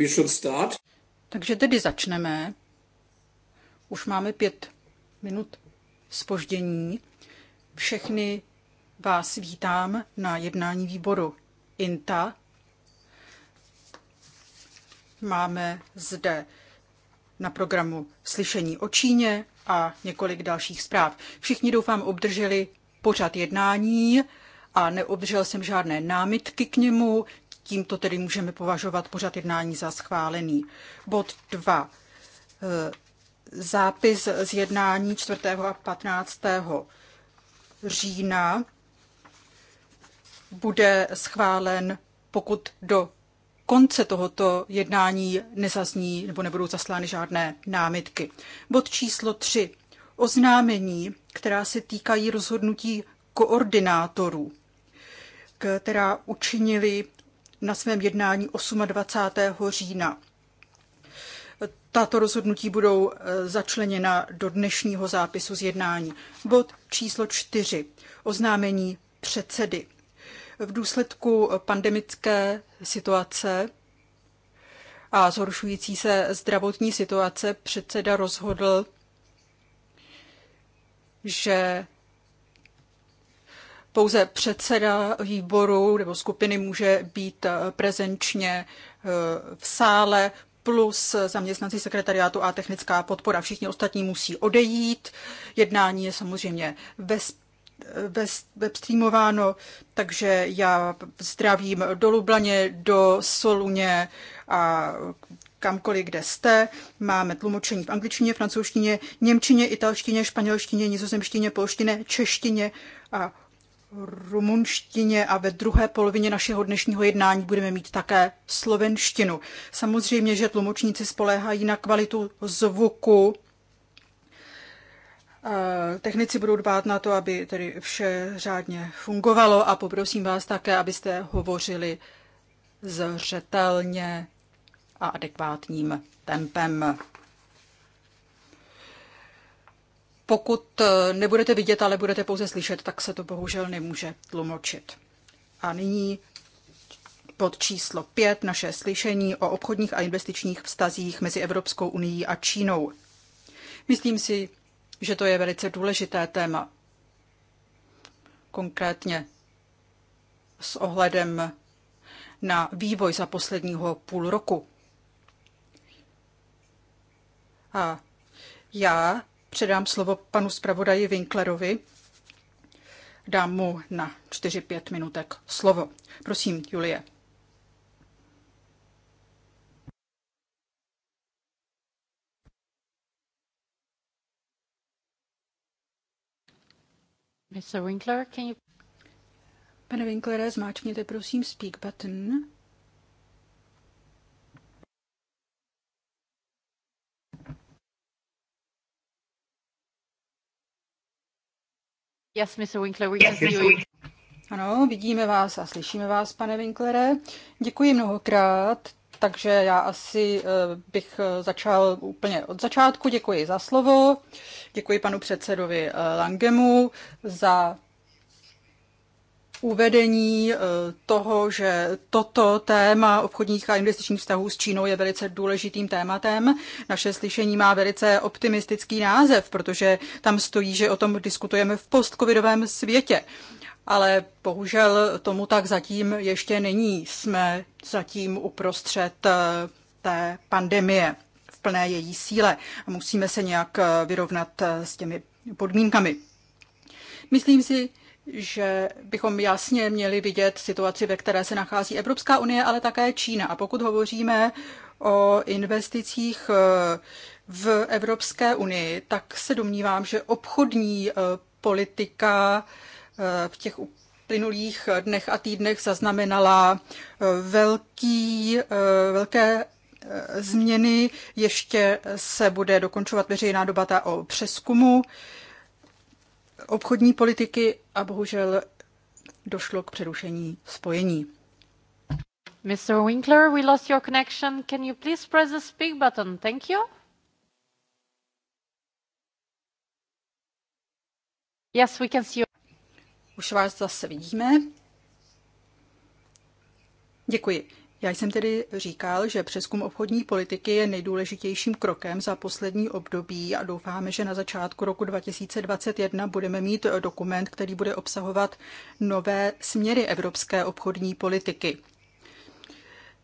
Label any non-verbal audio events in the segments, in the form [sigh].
We should start. Takže tedy začneme. Už máme pět minut spoždění. Všechny vás vítám na jednání výboru INTA. Máme zde na programu slyšení o Číně a několik dalších zpráv. Všichni doufám obdrželi pořad jednání a neobdržel jsem žádné námitky k němu, tímto tedy můžeme považovat pořad jednání za schválený. Bod 2. Eh, zápis z jednání 4. a 15. října bude schválen, pokud do konce tohoto jednání nezazní nebo nebudou zaslány žádné námitky. Bod číslo 3. Oznámení, která se týkají rozhodnutí koordinátorů, která učinili na svém jednání 28. října. Tato rozhodnutí budou eh, začleněna do dnešního zápisu z jednání. Bod číslo 4. Oznámení předsedy. V důsledku pandemické situace a zhoršující se zdravotní situace předseda rozhodl, že pouze předseda výboru nebo skupiny může být eh, prezenčně eh, v sále, plus zaměstnanci sekretariátu a technická podpora. Všichni ostatní musí odejít. Jednání je samozřejmě ve webstreamováno, takže já zdravím do Lublaně, do Soluně a kamkoliv, kde jste. Máme tlumočení v angličtině, francouzštině, němčině, italštině, španělštině, nizozemštině, polštině, češtině a rumunštině a ve druhé polovině našeho dnešního jednání budeme mít také slovenštinu. Samozřejmě, že tlumočníci spoléhají na kvalitu zvuku. Eh, technici budou dbát na to, aby tedy vše řádně fungovalo a poprosím vás také, abyste hovořili zřetelně a adekvátním tempem. pokud eh, nebudete vidět, ale budete pouze slyšet, tak se to bohužel nemůže tlumočit. A nyní pod číslo 5 naše slyšení o obchodních a investičních vztazích mezi Evropskou unii a Čínou. Myslím si, že to je velice důležité téma. Konkrétně s ohledem na vývoj za posledního půl roku. A já předám slovo panu zpravodaji Winklerovi. Dám mu na 4-5 minutek slovo. Prosím, Julie. Mr. Winkler, can you... Pane Winklere, zmáčkněte prosím speak button. Yes, Mr. Winkler, we can see you. Ano, vidíme vás a slyšíme vás, pane Winklere. Děkuji mnohokrát. Takže já asi eh, bych eh, začal úplně od začátku. Děkuji za slovo. Děkuji panu předsedovi eh, Langemu za uvedení eh, toho, že toto téma obchodních a investičních vztahů s Čínou je velice důležitým tématem. Naše slyšení má velice optimistický název, protože tam stojí, že o tom diskutujeme v postcovidovém světě. Ale bohužel tomu tak zatím ještě není. Jsme zatím uprostřed eh, té pandemie v plné její síle a musíme se nějak eh, vyrovnat s těmi podmínkami. Myslím si, že bychom jasně měli vidět situaci, ve které se nachází Evropská unie, ale také Čína. A pokud hovoříme o investicích eh, v Evropské unii, tak se domnívám, že obchodní eh, politika eh, v těch uplynulých dnech a týdnech zaznamenala velký, velké změny. Ještě se bude dokončovat veřejná debata o přeskumu obchodní politiky a bohužel došlo k přerušení spojení. Mr. Winkler, we lost your connection. Can you please press the speak button? Thank you. Yes, we can see you. Už vás zase vidíme. Děkuji. Já jsem tedy říkal, že přeskum obchodní politiky je nejdůležitějším krokem za poslední období a doufáme, že na začátku roku 2021 budeme mít dokument, který bude obsahovat nové směry evropské obchodní politiky.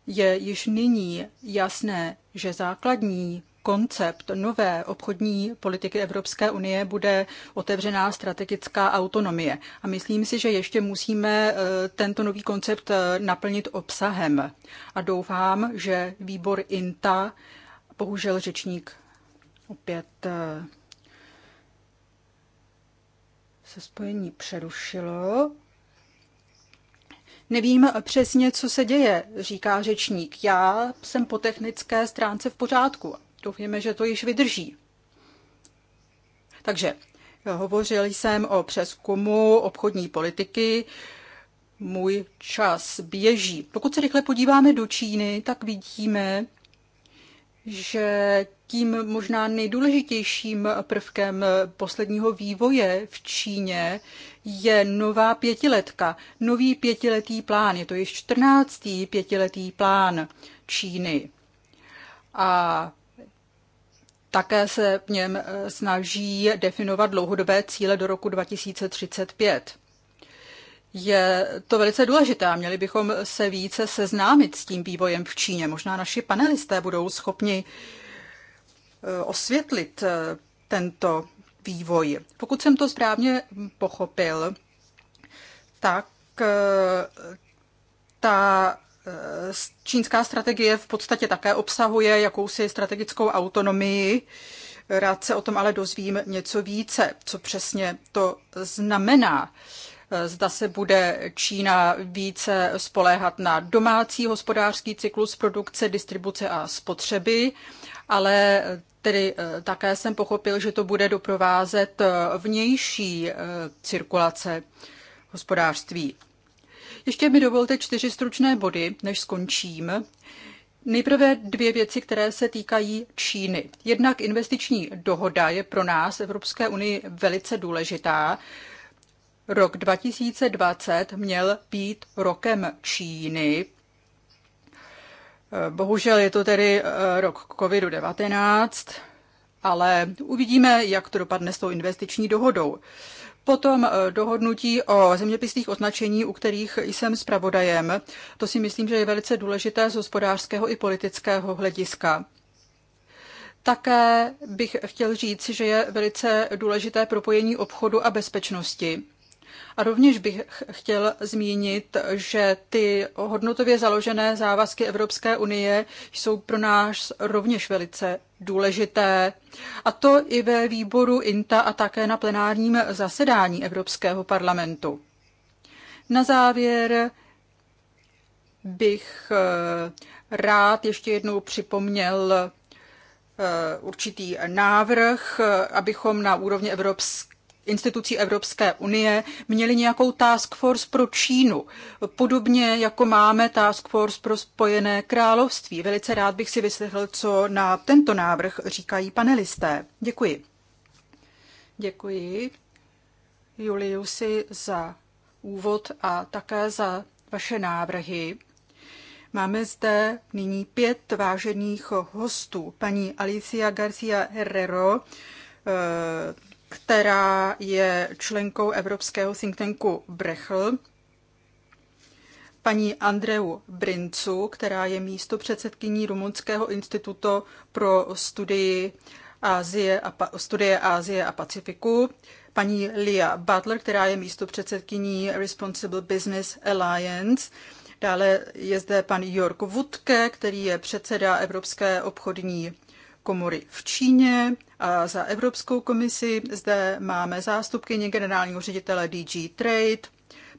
Je již nyní jasné, že základní koncept nové obchodní politiky Evropské unie bude otevřená strategická autonomie. A myslím si, že ještě musíme eh, tento nový koncept eh, naplnit obsahem. A doufám, že výbor INTA, bohužel řečník opět eh, se spojení přerušilo. Nevím přesně, co se děje, říká řečník. Já jsem po technické stránce v pořádku, Doufněme, že to již vydrží. Takže hovořil jsem o přeskumu obchodní politiky. Můj čas běží. Pokud se rychle podíváme do Číny, tak vidíme, že tím možná nejdůležitějším prvkem posledního vývoje v Číně je nová pětiletka, nový pětiletý plán. Je to již čtrnáctý pětiletý plán Číny. A také se v něm eh, snaží definovat dlouhodobé cíle do roku 2035. Je to velice důležité. Měli bychom se více seznámit s tím vývojem v Číně. Možná naši panelisté budou schopni eh, osvětlit eh, tento vývoj. Pokud jsem to správně pochopil, tak ta Eh, čínská strategie v podstatě také obsahuje jakousi strategickou autonomii. Rád se o tom ale dozvím něco více, co přesně to znamená. Eh, zda se bude Čína více spoléhat na domácí hospodářský cyklus produkce, distribuce a spotřeby, ale eh, tedy také jsem pochopil, že to bude doprovázet vnější cirkulace hospodářství. Ještě mi dovolte čtyři stručné body, než skončím. Nejprve dvě věci, které se týkají Číny. Jednak investiční dohoda je pro nás, Evropské unii, velice důležitá. Rok 2020 měl být rokem Číny. Bohužel je to tedy eh, rok COVID-19, ale uvidíme, jak to dopadne s tou investiční dohodou. Potom eh, dohodnutí o zeměpisných označení, u kterých jsem zpravodajem. To si myslím, že je velice důležité z hospodářského i politického hlediska. Také bych chtěl říct, že je velice důležité propojení obchodu a bezpečnosti. A rovněž bych chtěl zmínit, že ty hodnotově založené závazky Evropské unie jsou pro nás rovněž velice důležité. A to i ve výboru INTA a také na plenárním zasedání Evropského parlamentu. Na závěr bych eh, rád ještě jednou připomněl eh, určitý návrh, eh, abychom na úrovni Evropské institucí Evropské unie měli nějakou task force pro Čínu, podobně jako máme task force pro Spojené království. Velice rád bych si vyslechl, co na tento návrh říkají panelisté. Děkuji. Děkuji Juliusi za úvod a také za vaše návrhy. Máme zde nyní pět vážených hostů. Paní Alicia Garcia Herrero, eh, která je členkou evropského think tanku Brechl, paní Andreu Brincu, která je místo předsedkyní Rumunského institutu pro studii Asie a, studie Asie a Pacifiku, paní Lia Butler, která je místo předsedkyní Responsible Business Alliance, Dále je zde pan Jörg Wutke, který je předseda Evropské obchodní komory v Číně a za Evropskou komisi. Zde máme zástupkyně generálního ředitele DG Trade,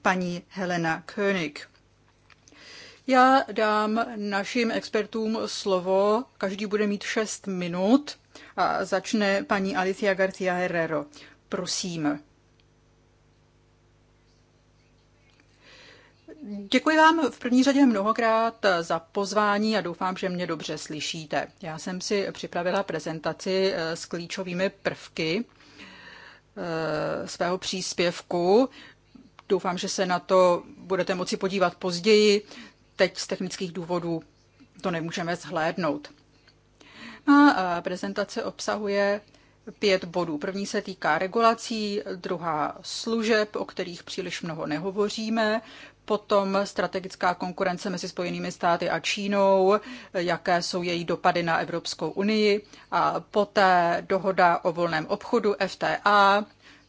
paní Helena König. Já dám našim expertům slovo, každý bude mít 6 minut a začne paní Alicia Garcia Herrero. Prosím. Děkuji vám v první řadě mnohokrát za pozvání a doufám, že mě dobře slyšíte. Já jsem si připravila prezentaci eh, s klíčovými prvky eh, svého příspěvku. Doufám, že se na to budete moci podívat později. Teď z technických důvodů to nemůžeme zhlédnout. No a eh, prezentace obsahuje pět bodů. První se týká regulací, druhá služeb, o kterých příliš mnoho nehovoříme, potom strategická konkurence mezi Spojenými státy a Čínou, jaké jsou její dopady na Evropskou unii a poté dohoda o volném obchodu FTA,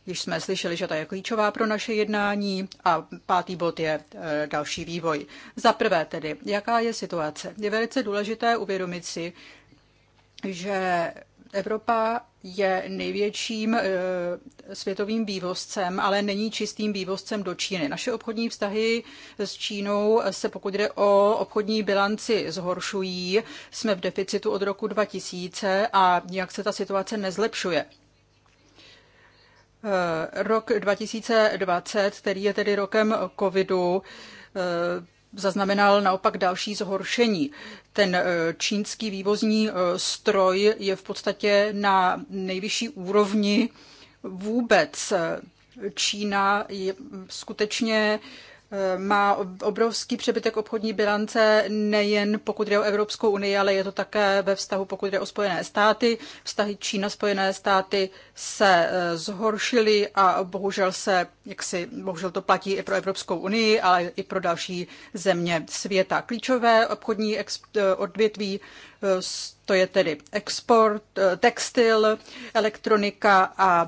Když jsme slyšeli, že to je klíčová pro naše jednání a pátý bod je e, další vývoj. Za prvé tedy, jaká je situace? Je velice důležité uvědomit si, že Evropa je největším eh, světovým vývozcem, ale není čistým vývozcem do Číny. Naše obchodní vztahy s Čínou se, pokud jde o obchodní bilanci, zhoršují. Jsme v deficitu od roku 2000 a nějak se ta situace nezlepšuje. Eh, rok 2020, který je tedy rokem covidu, eh, zaznamenal naopak další zhoršení. Ten eh, čínský vývozní eh, stroj je v podstatě na nejvyšší úrovni vůbec. Čína je mm, skutečně Eh, má obrovský přebytek obchodní bilance nejen pokud jde o Evropskou unii, ale je to také ve vztahu pokud jde o Spojené státy. Vztahy Čína Spojené státy se eh, zhoršily a bohužel se, jak si, bohužel to platí i pro Evropskou unii, ale i pro další země světa. Klíčové obchodní eh, odvětví to je tedy export, textil, elektronika a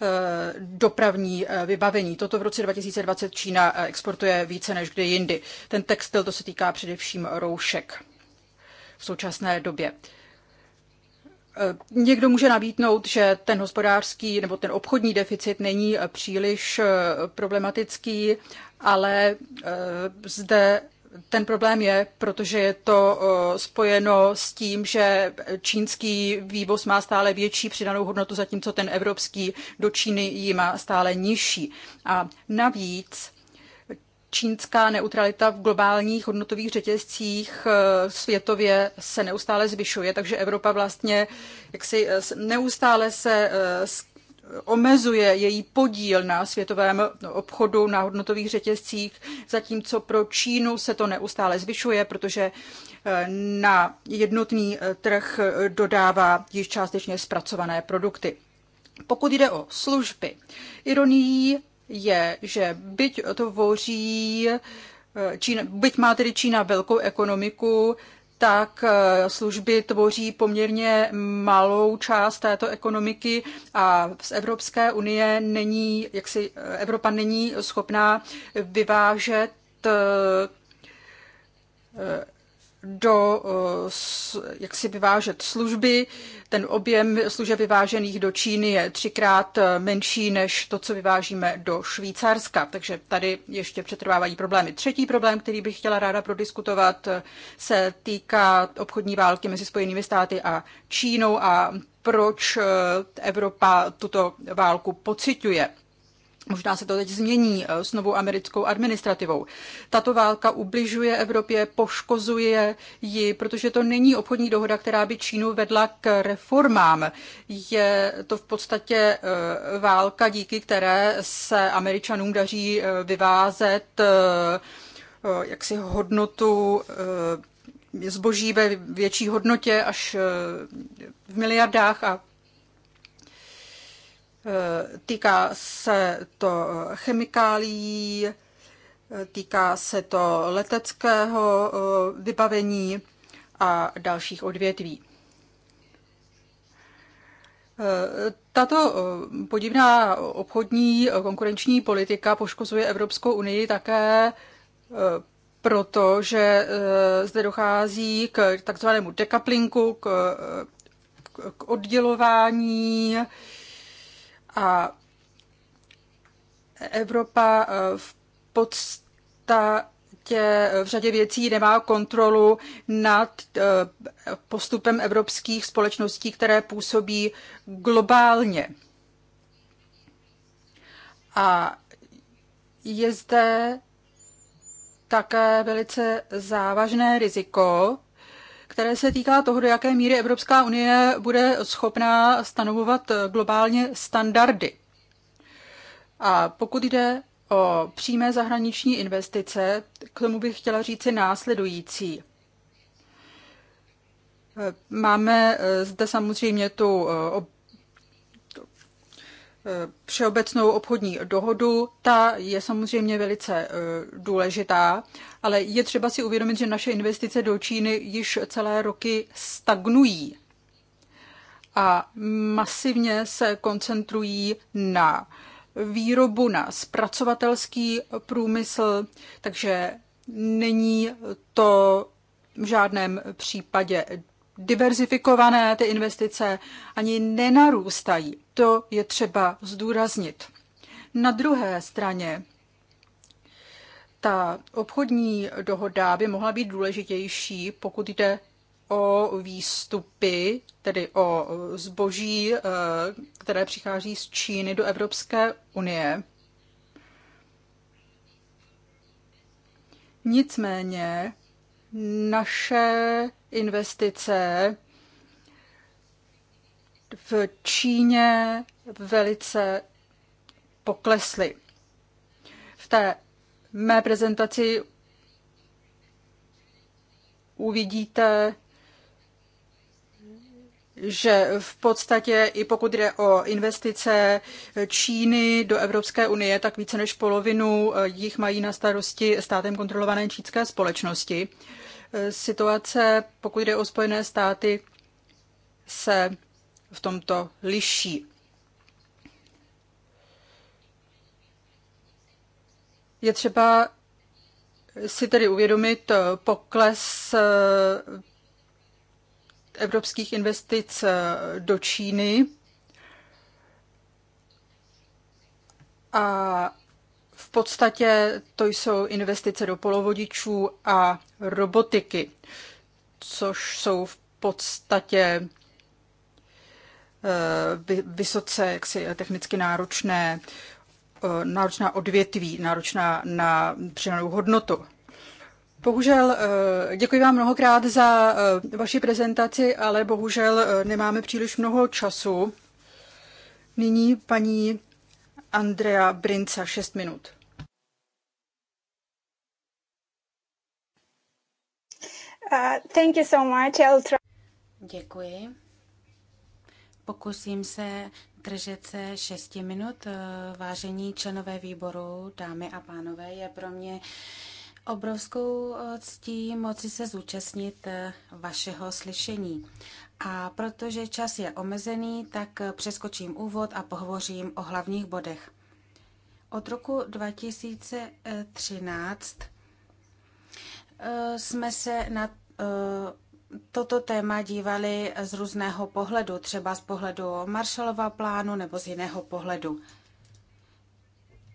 Eh, dopravní eh, vybavení. Toto v roce 2020 Čína eh, exportuje více než kdy jindy. Ten textil to se týká především roušek v současné době. Někdo může nabídnout, že ten hospodářský nebo ten obchodní deficit není příliš problematický, ale zde ten problém je, protože je to eh, spojeno s tím, že čínský vývoz má stále větší přidanou hodnotu, zatímco ten evropský do Číny ji má stále nižší. A navíc čínská neutralita v globálních hodnotových řetězcích eh, světově se neustále zvyšuje, takže Evropa vlastně jaksi eh, neustále se omezuje její podíl na světovém obchodu na hodnotových řetězcích, zatímco pro Čínu se to neustále zvyšuje, protože eh, na jednotný eh, trh eh, dodává již částečně zpracované produkty. Pokud jde o služby, ironií je, že byť tvoří Čína, byť má tedy Čína velkou ekonomiku, tak eh, služby tvoří poměrně malou část této ekonomiky a z Evropské unie není, jak si eh, Evropa není schopná vyvážet eh, do, eh, jak si vyvážet služby. Ten objem služeb vyvážených do Číny je třikrát eh, menší než to, co vyvážíme do Švýcarska. Takže tady ještě přetrvávají problémy. Třetí problém, který bych chtěla ráda prodiskutovat, eh, se týká obchodní války mezi Spojenými státy a Čínou a proč Evropa tuto válku pociťuje. Možná se to teď změní eh, s novou americkou administrativou. Tato válka ubližuje Evropě, poškozuje ji, protože to není obchodní dohoda, která by Čínu vedla k reformám. Je to v podstatě eh, válka, díky které se Američanům daří eh, vyvázet jaksi hodnotu zboží ve větší hodnotě až v miliardách a Týká se to chemikálií, týká se to leteckého eh, vybavení a dalších odvětví. Eh, tato eh, podivná obchodní konkurenční politika poškozuje Evropskou unii také proto, že zde dochází k takzvanému dekaplinku, k, k oddělování a Evropa e, v podstatě e, v řadě věcí nemá kontrolu nad e, postupem evropských společností, které působí globálně. A je zde také velice závažné riziko, které se týká toho, do jaké míry Evropská unie bude schopná stanovovat globálně standardy. A pokud jde o přímé zahraniční investice, k tomu bych chtěla říci následující. Máme eh, zde samozřejmě tu eh, všeobecnou obchodní dohodu. Ta je samozřejmě velice e, důležitá, ale je třeba si uvědomit, že naše investice do Číny již celé roky stagnují a masivně se koncentrují na výrobu, na zpracovatelský průmysl, takže není to v žádném případě diverzifikované ty investice ani nenarůstají. To je třeba zdůraznit. Na druhé straně ta obchodní dohoda by mohla být důležitější, pokud jde o výstupy, tedy o zboží, eh, které přichází z Číny do Evropské unie. Nicméně naše investice v Číně velice poklesly. V té mé prezentaci uvidíte že v podstatě i pokud jde o investice Číny do Evropské unie, tak více než polovinu jich mají na starosti státem kontrolované čínské společnosti. Situace, pokud jde o Spojené státy, se v tomto liší. Je třeba si tedy uvědomit pokles evropských investic eh, do Číny. A v podstatě to jsou investice do polovodičů a robotiky, což jsou v podstatě eh, vysoce jaksi, technicky náročné, eh, náročná odvětví, náročná na přidanou hodnotu. Bohužel eh, děkuji vám mnohokrát za eh, vaši prezentaci, ale bohužel eh, nemáme příliš mnoho času. Nyní paní Andrea Brinca, 6 minut. Uh, thank you so much. I'll try. Děkuji. Pokusím se držet se 6 minut. Vážení členové výboru, dámy a pánové, je pro mě obrovskou eh, ctí moci se zúčastnit eh, vašeho slyšení. A protože čas je omezený, tak eh, přeskočím úvod a pohovořím o hlavních bodech. Od roku 2013 jsme se na toto téma dívali z různého pohledu, třeba z pohledu Marshallova plánu nebo z jiného pohledu.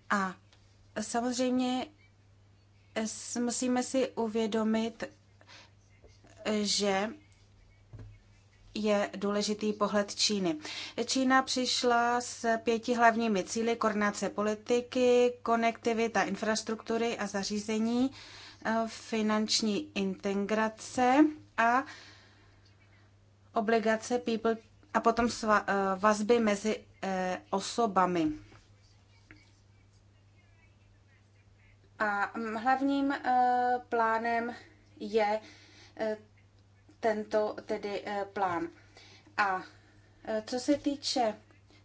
A samozřejmě musíme si uvědomit, že je důležitý pohled Číny. Čína přišla s pěti hlavními cíly koordinace politiky, konektivita infrastruktury a zařízení, finanční integrace a obligace people a potom eh, vazby mezi eh, osobami. A hlavním eh, plánem je eh, tento tedy eh, plán. A co se týče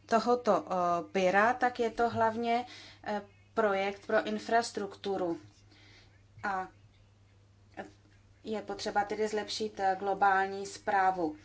tohoto pyra, tak je to hlavně projekt pro infrastrukturu. A je potřeba tedy zlepšit eh, globální zprávu.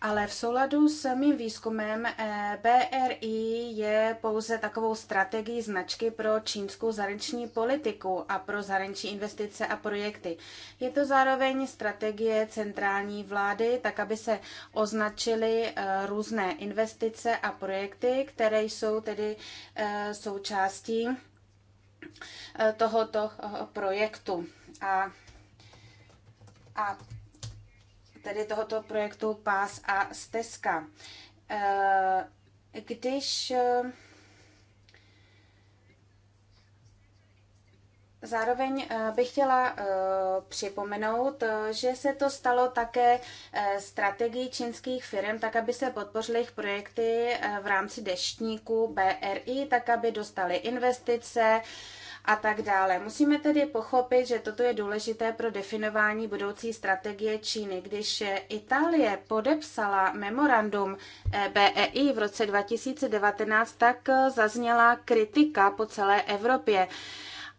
Ale v souladu s mým výzkumem eh, BRI je pouze takovou strategií značky pro čínskou zahraniční politiku a pro zahraniční investice a projekty. Je to zároveň strategie centrální vlády, tak aby se označily eh, různé investice a projekty, které jsou tedy součástí tohoto projektu. A a tedy tohoto projektu Pás a stezka. Eh, když eh, Zároveň eh, bych chtěla připomenout, že se to stalo také strategií čínských firm, tak aby se podpořily jejich projekty v rámci deštníku BRI, tak aby dostali investice, a tak dále. Musíme tedy pochopit, že toto je důležité pro definování budoucí strategie Číny. Když Itálie podepsala memorandum eh, BEI v roce 2019, tak eh, zazněla kritika po celé Evropě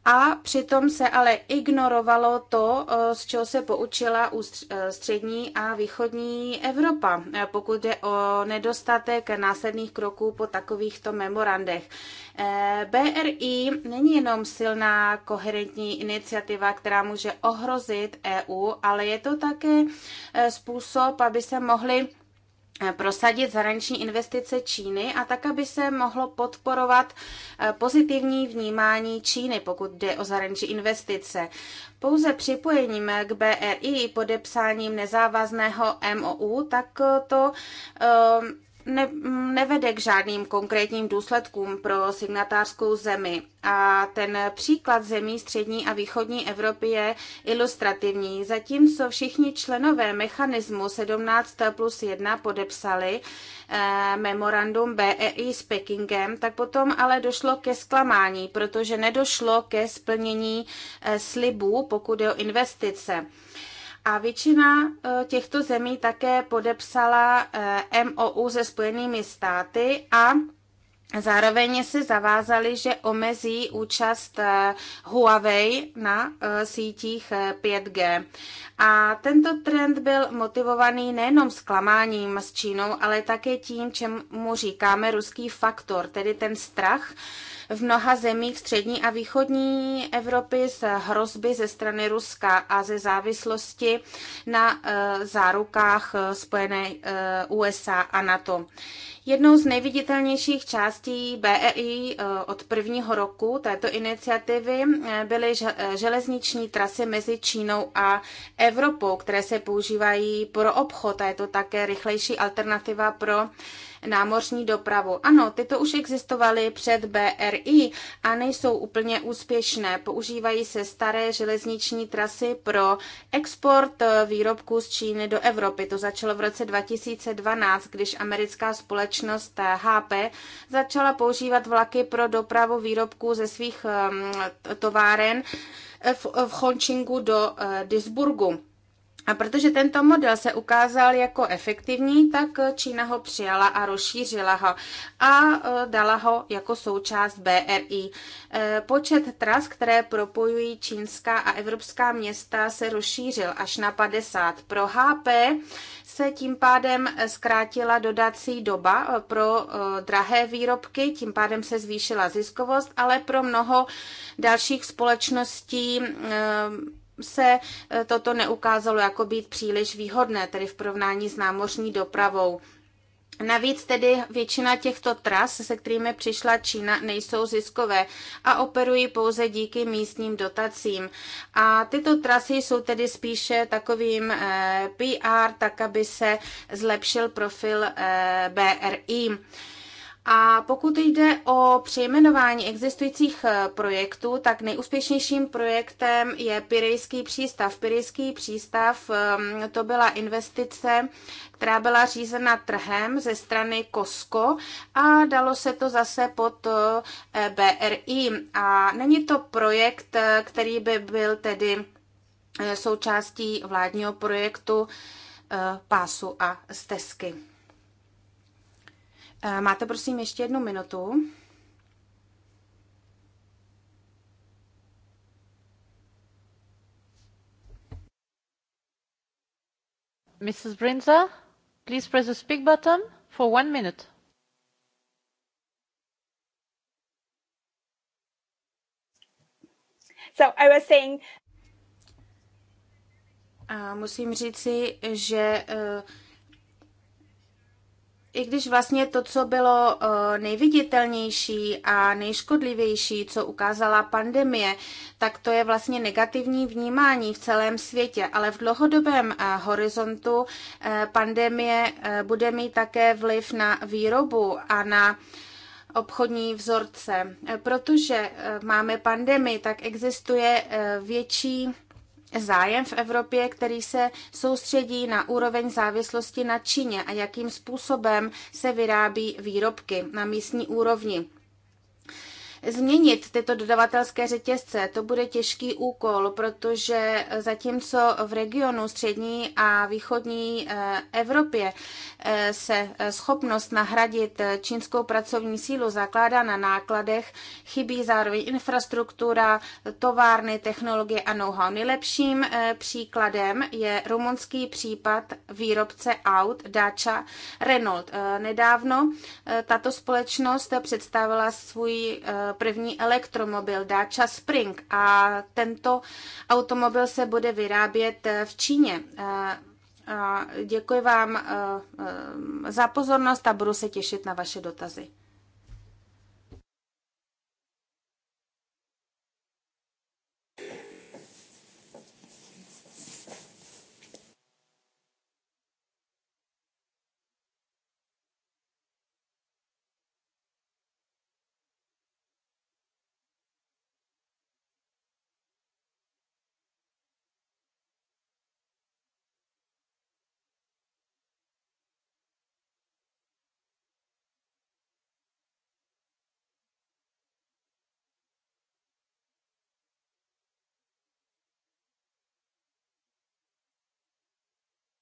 a přitom se ale ignorovalo to, eh, z čeho se poučila eh, střední a východní Evropa, eh, pokud je o nedostatek následných kroků po takovýchto memorandech. BRI není jenom silná koherentní iniciativa, která může ohrozit EU, ale je to také způsob, aby se mohly Eh, prosadit zahraniční investice Číny a tak, aby se mohlo podporovat eh, pozitivní vnímání Číny, pokud jde o zahraniční investice. Pouze připojením k BRI, podepsáním nezávazného MOU, tak to um, ne, nevede k žádným konkrétním důsledkům pro signatářskou zemi. A ten příklad zemí střední a východní Evropy je ilustrativní. Zatímco všichni členové mechanismu 17 plus 1 podepsali eh, memorandum BEI s Pekingem, tak potom ale došlo ke zklamání, protože nedošlo ke splnění eh, slibů, pokud je o investice. Eh, a většina e, těchto zemí také podepsala e, MOU se Spojenými státy a Zároveň se zavázali, že omezí účast e, Huawei na sítích 5G. A tento trend byl motivovaný nejenom zklamáním s Čínou, ale také tím, čemu říkáme ruský faktor, tedy ten strach v mnoha zemích střední a východní Evropy z hrozby ze strany Ruska a ze závislosti na e, zárukách e, Spojené e, USA a NATO. Jednou z nejviditelnějších částí BEI od prvního roku této iniciativy byly železniční trasy mezi Čínou a Evropou, které se používají pro obchod a je to také rychlejší alternativa pro námořní dopravu. Ano, tyto už existovaly před BRI a nejsou úplně úspěšné. Používají se staré železniční trasy pro export eh, výrobků z Číny do Evropy. To začalo v roce 2012, když americká společnost HP eh, začala používat vlaky pro dopravu výrobků ze svých ehm, továren eh, v Chongqingu do Duisburgu. A protože tento model se ukázal jako efektivní, tak Čína ho přijala a rozšířila ho a e, dala ho jako součást BRI. E, počet tras, které propojují čínská a evropská města, se rozšířil až na 50. Pro HP se tím pádem zkrátila dodací doba e, pro drahé výrobky, tím pádem se zvýšila ziskovost, ale pro mnoho dalších společností se eh, toto neukázalo jako být příliš výhodné, tedy v porovnání s námořní dopravou. Navíc tedy většina těchto tras, se kterými přišla Čína, nejsou ziskové a operují pouze díky místním dotacím. A tyto trasy jsou tedy spíše takovým eh, PR, tak aby se zlepšil profil eh, BRI. A pokud jde o přejmenování existujících eh, projektů, tak nejúspěšnějším projektem je Pirejský přístav. Pirejský přístav ehm, to byla investice, která byla řízena trhem ze strany Kosko a dalo se to zase pod eh, BRI. A není to projekt, eh, který by byl tedy součástí vládního projektu pásu a stezky. Eh, máte prosím ještě jednu minutu. Mrs. Brinza, please press the speak button for one minute. So I was saying... A musím říci, že uh, i když vlastně to, co bylo eh, nejviditelnější a nejškodlivější, co ukázala pandemie, tak to je vlastně negativní vnímání v celém světě. Ale v dlouhodobém eh, horizontu eh, pandemie bude mít také vliv na výrobu a na obchodní vzorce. Protože máme pandemii, tak existuje větší zájem v Evropě, který se soustředí na úroveň závislosti na Číně a jakým způsobem se vyrábí výrobky na místní úrovni změnit tyto dodavatelské řetězce. To bude těžký úkol, protože zatímco v regionu střední a východní eh, Evropě eh, se eh, schopnost nahradit čínskou pracovní sílu zakládá na nákladech, chybí zároveň infrastruktura, továrny, technologie a know-how. Nejlepším příkladem je rumunský případ výrobce aut Dacia Renault. Nedávno tato společnost představila svůj první elektromobil, Dacia Spring. A tento automobil se bude vyrábět eh, v Číně. Eh, děkuji vám eh, za pozornost a budu se těšit na vaše dotazy.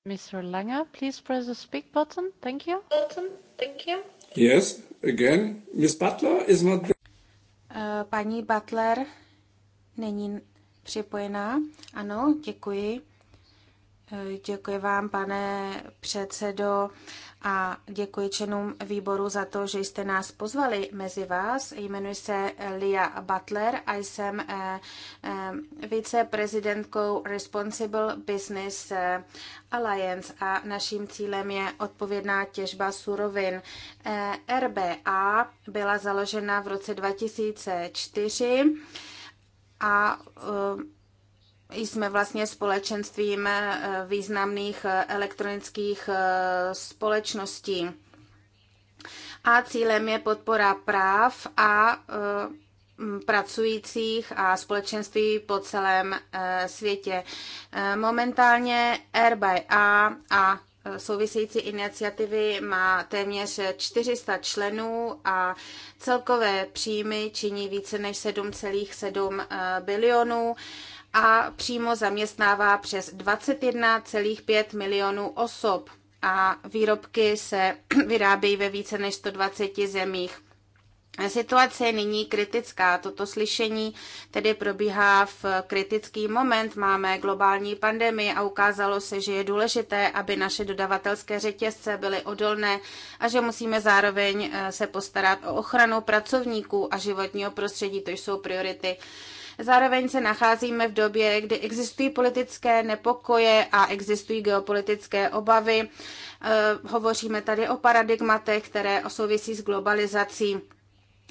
Mr. Langer, please press the speak button. Thank you. Button. Thank you. Yes, again, Miss Butler is not... Uh, paní Butler není připojená. Ano, děkuji. Děkuji vám, pane předsedo, a děkuji členům výboru za to, že jste nás pozvali mezi vás. Jmenuji se Lia Butler a jsem eh, eh, viceprezidentkou Responsible Business eh, Alliance a naším cílem je odpovědná těžba surovin. RBA byla založena v roce 2004 a jsme vlastně společenstvím eh, významných eh, elektronických eh, společností. A cílem je podpora práv a pracujících a společenství po celém světě. Momentálně Air by A a související iniciativy má téměř 400 členů a celkové příjmy činí více než 7,7 bilionů a přímo zaměstnává přes 21,5 milionů osob a výrobky se [clears throat] vyrábějí ve více než 120 zemích. Situace je nyní kritická. Toto slyšení tedy probíhá v kritický moment. Máme globální pandemii a ukázalo se, že je důležité, aby naše dodavatelské řetězce byly odolné a že musíme zároveň eh, se postarat o ochranu pracovníků a životního prostředí. To jsou priority Zároveň se nacházíme v době, kdy existují politické nepokoje a existují geopolitické obavy. Eh, hovoříme tady o paradigmatech, které souvisí s globalizací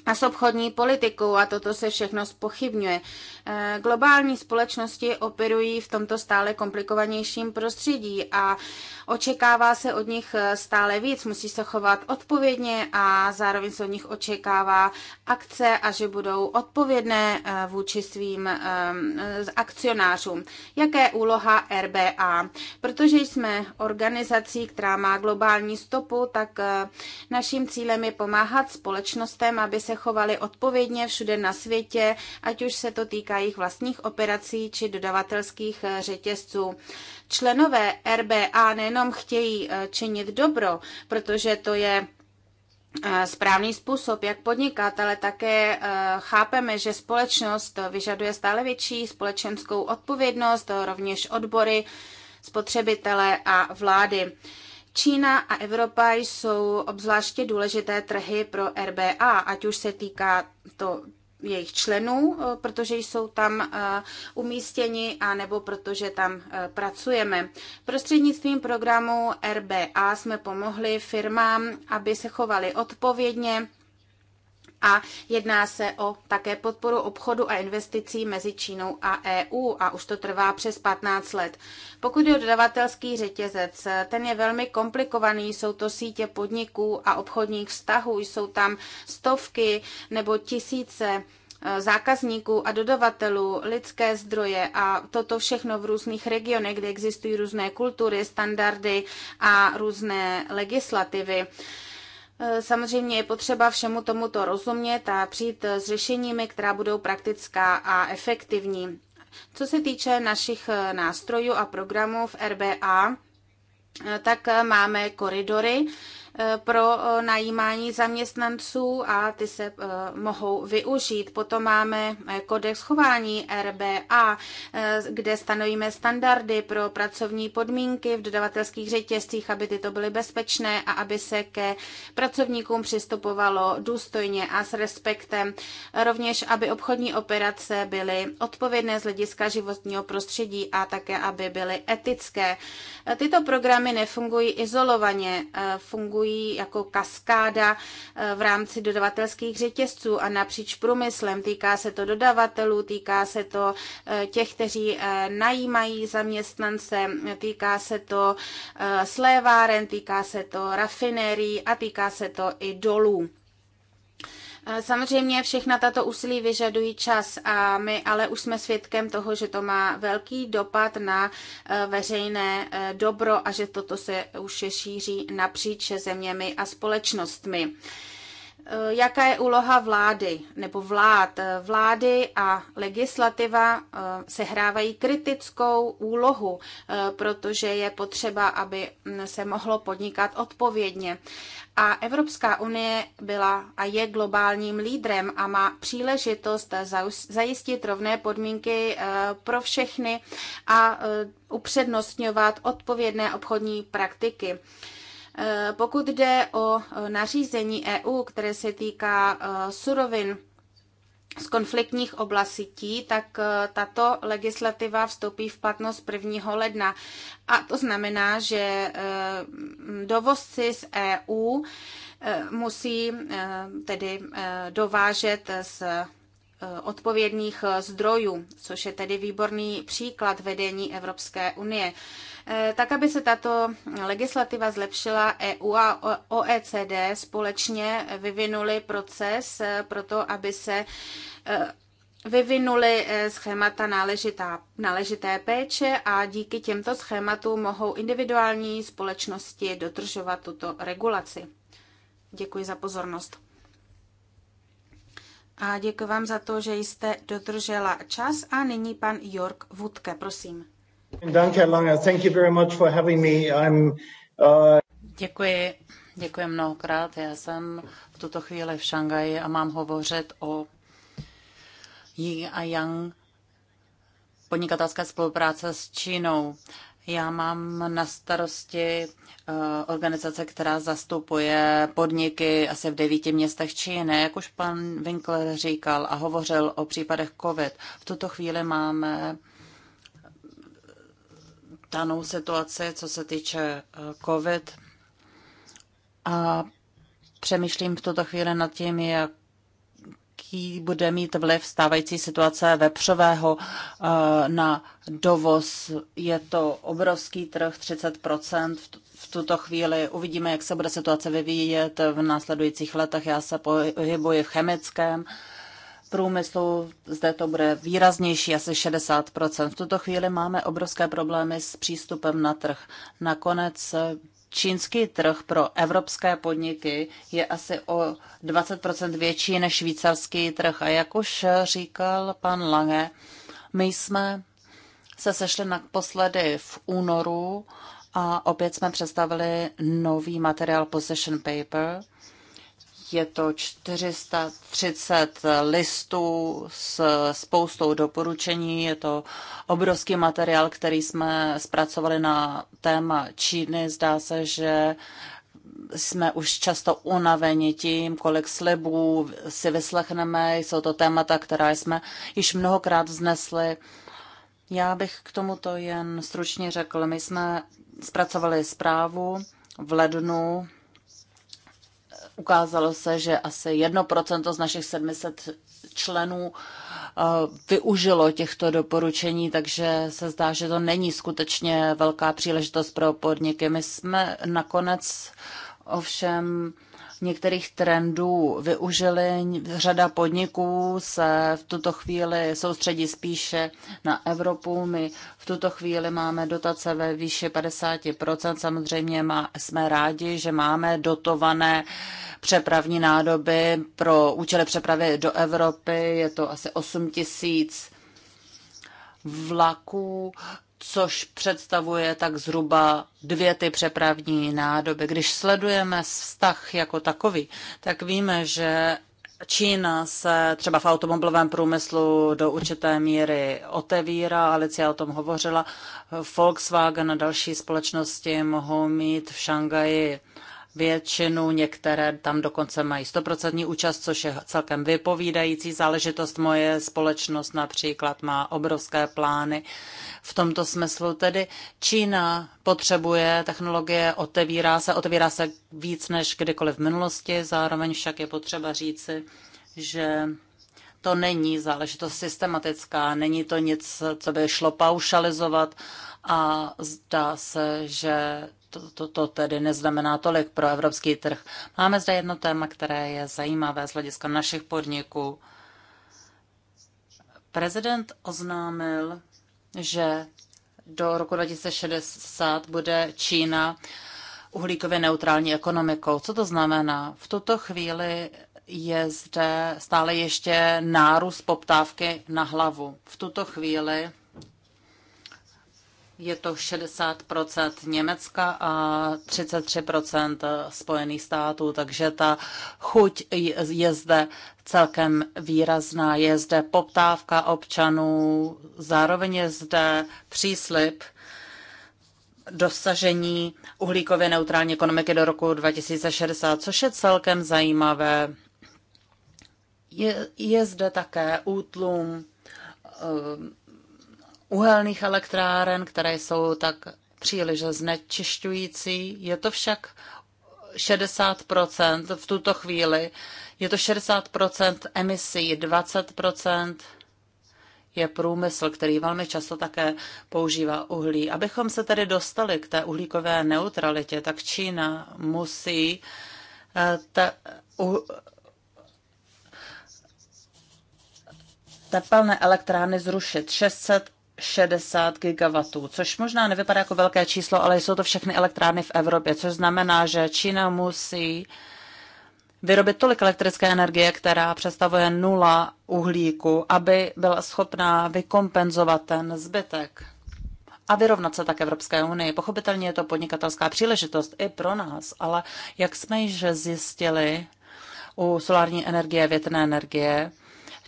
a s obchodní politikou a toto se všechno spochybňuje. Eh, globální společnosti operují v tomto stále komplikovanějším prostředí a očekává se od nich eh, stále víc. Musí se chovat odpovědně a zároveň se od nich očekává akce a že budou odpovědné eh, vůči svým akcionářům. Jaké úloha RBA? Protože jsme organizací, která má globální stopu, tak naším cílem je pomáhat společnostem, aby se chovali odpovědně všude na světě, ať už se to týká jejich vlastních operací či dodavatelských eh, řetězců. Členové RBA nejenom chtějí eh, činit dobro, protože to je eh, správný způsob, jak podnikat, ale také chápeme, že společnost vyžaduje stále větší společenskou odpovědnost, rovněž odbory, spotřebitele a vlády. Čína a Evropa jsou obzvláště důležité trhy pro RBA, ať už se týká to jejich členů, eh, protože jsou tam eh, umístěni a nebo protože tam eh, pracujeme. Prostřednictvím programu RBA jsme pomohli firmám, aby se chovali odpovědně a jedná se o také podporu obchodu a investicí mezi Čínou a EU a už to trvá přes 15 let. Pokud je o dodavatelský řetězec, ten je velmi komplikovaný, jsou to sítě podniků a obchodních vztahů, jsou tam stovky nebo tisíce e, zákazníků a dodavatelů, lidské zdroje a toto všechno v různých regionech, kde existují různé kultury, standardy a různé legislativy. Eh, samozřejmě je potřeba všemu tomuto rozumět a přijít eh, s řešeními, která budou praktická a efektivní. Co se týče našich eh, nástrojů a programů v RBA, tak máme koridory, pro eh, najímání zaměstnanců a ty se eh, mohou využít. Potom máme eh, kodex chování RBA, kde stanovíme standardy pro pracovní podmínky v dodavatelských řetězcích, aby tyto byly bezpečné a aby se ke pracovníkům přistupovalo důstojně a s respektem. Rovněž, aby obchodní operace byly odpovědné z hlediska životního prostředí a také, aby byly etické. Tyto programy nefungují izolovaně, fungují fungují jako kaskáda eh, v rámci dodavatelských řetězců a napříč průmyslem. Týká se to dodavatelů, týká se to eh, těch, kteří eh, najímají zaměstnance, týká se to sléváren, týká se to rafinérií a týká se to i dolů. Eh, samozřejmě všechna tato úsilí vyžadují čas a my ale už jsme svědkem toho, že to má velký dopad na eh, veřejné eh, dobro a že toto se už šíří napříč zeměmi a společnostmi. Eh, jaká je úloha vlády nebo vlád. Eh, vlády a legislativa eh, sehrávají kritickou úlohu, protože je potřeba, aby mm, se mohlo podnikat odpovědně. A Evropská unie byla a je globálním lídrem a má příležitost zajistit rovné podmínky pro všechny a upřednostňovat odpovědné obchodní praktiky. Eh, pokud jde o eh, nařízení EU, které se týká eh, surovin z konfliktních oblastí, tak tato legislativa vstoupí v platnost 1. ledna. A to znamená, že dovozci z EU musí tedy dovážet z Eh, odpovědných eh, zdrojů, což je tedy výborný příklad vedení Evropské unie. Eh, tak, aby se tato legislativa zlepšila, EU a OECD společně vyvinuli proces pro to, aby se vyvinuli schémata náležitá, náležité péče a díky těmto schématům mohou individuální společnosti dodržovat tuto regulaci. Děkuji za pozornost. A děkuji vám za to, že jste dodržela čas. A nyní pan Jörg Vudke, prosím. Uh, děkuji. Děkuji mnohokrát. Já jsem v tuto chvíli v Šangaji a mám hovořit o Yi a Yang podnikatelské spolupráce s Čínou. Já mám na starosti eh, organizace, která zastupuje podniky asi v devíti městech Číny, jak už pan Winkler říkal a hovořil o případech COVID. V tuto chvíli máme danou situaci, co se týče eh, COVID. A přemýšlím v tuto chvíli nad tím, jak jaký bude mít vliv stávající situace vepřového eh, na dovoz. Je to obrovský trh, 30% v tuto chvíli. Uvidíme, jak se bude situace vyvíjet v následujících letech. Já se pohybuji v chemickém průmyslu, zde to bude výraznější, asi 60%. V tuto chvíli máme obrovské problémy s přístupem na trh. Nakonec eh, čínský trh pro evropské podniky je asi o 20% větší než švýcarský trh. A jak už říkal pan Lange, my jsme se sešli naposledy v únoru a opět jsme představili nový materiál Position Paper – je to 430 listů s spoustou doporučení. Je to obrovský materiál, který jsme zpracovali na téma Číny. Zdá se, že jsme už často unaveni tím, kolik slibů si vyslechneme. Jsou to témata, která jsme již mnohokrát vznesli. Já bych k tomuto jen stručně řekl. My jsme zpracovali zprávu v lednu ukázalo se, že asi 1% z našich 700 členů eh, využilo těchto doporučení, takže se zdá, že to není skutečně velká příležitost pro podniky. My jsme nakonec ovšem některých trendů využili. Řada podniků se v tuto chvíli soustředí spíše na Evropu. My v tuto chvíli máme dotace ve výši 50%. Samozřejmě má, jsme rádi, že máme dotované přepravní nádoby pro účely přepravy do Evropy. Je to asi 8 tisíc vlaků což představuje tak zhruba dvě ty přepravní nádoby. Když sledujeme vztah jako takový, tak víme, že Čína se třeba v automobilovém průmyslu do určité míry otevírá, Alicia o tom hovořila. Volkswagen a další společnosti mohou mít v Šangaji většinu, některé tam dokonce mají 100% účast, což je celkem vypovídající záležitost. Moje společnost například má obrovské plány v tomto smyslu. Tedy Čína potřebuje technologie, otevírá se, otevírá se víc než kdykoliv v minulosti, zároveň však je potřeba říci, že to není záležitost systematická, není to nic, co by šlo paušalizovat a zdá se, že to, to, to tedy neznamená tolik pro evropský trh. Máme zde jedno téma, které je zajímavé z hlediska našich podniků. Prezident oznámil, že do roku 2060 bude Čína uhlíkově neutrální ekonomikou. Co to znamená? V tuto chvíli je zde stále ještě nárůst poptávky na hlavu. V tuto chvíli je to 60 Německa a 33 Spojených států, takže ta chuť je zde celkem výrazná. Je zde poptávka občanů, zároveň je zde příslip dosažení uhlíkově neutrální ekonomiky do roku 2060, což je celkem zajímavé. Je, je zde také útlum eh, uhelných elektráren, které jsou tak příliš znečišťující. Je to však 60% v tuto chvíli. Je to 60% emisí, 20% je průmysl, který velmi často také používá uhlí. Abychom se tedy dostali k té uhlíkové neutralitě, tak Čína musí eh, te, uh, tepelné elektrárny zrušit. 600 60 gigawatů, což možná nevypadá jako velké číslo, ale jsou to všechny elektrárny v Evropě, což znamená, že Čína musí vyrobit tolik elektrické energie, která představuje nula uhlíku, aby byla schopná vykompenzovat ten zbytek a vyrovnat se tak Evropské unii. Pochopitelně je to podnikatelská příležitost i pro nás, ale jak jsme již zjistili u solární energie, větrné energie,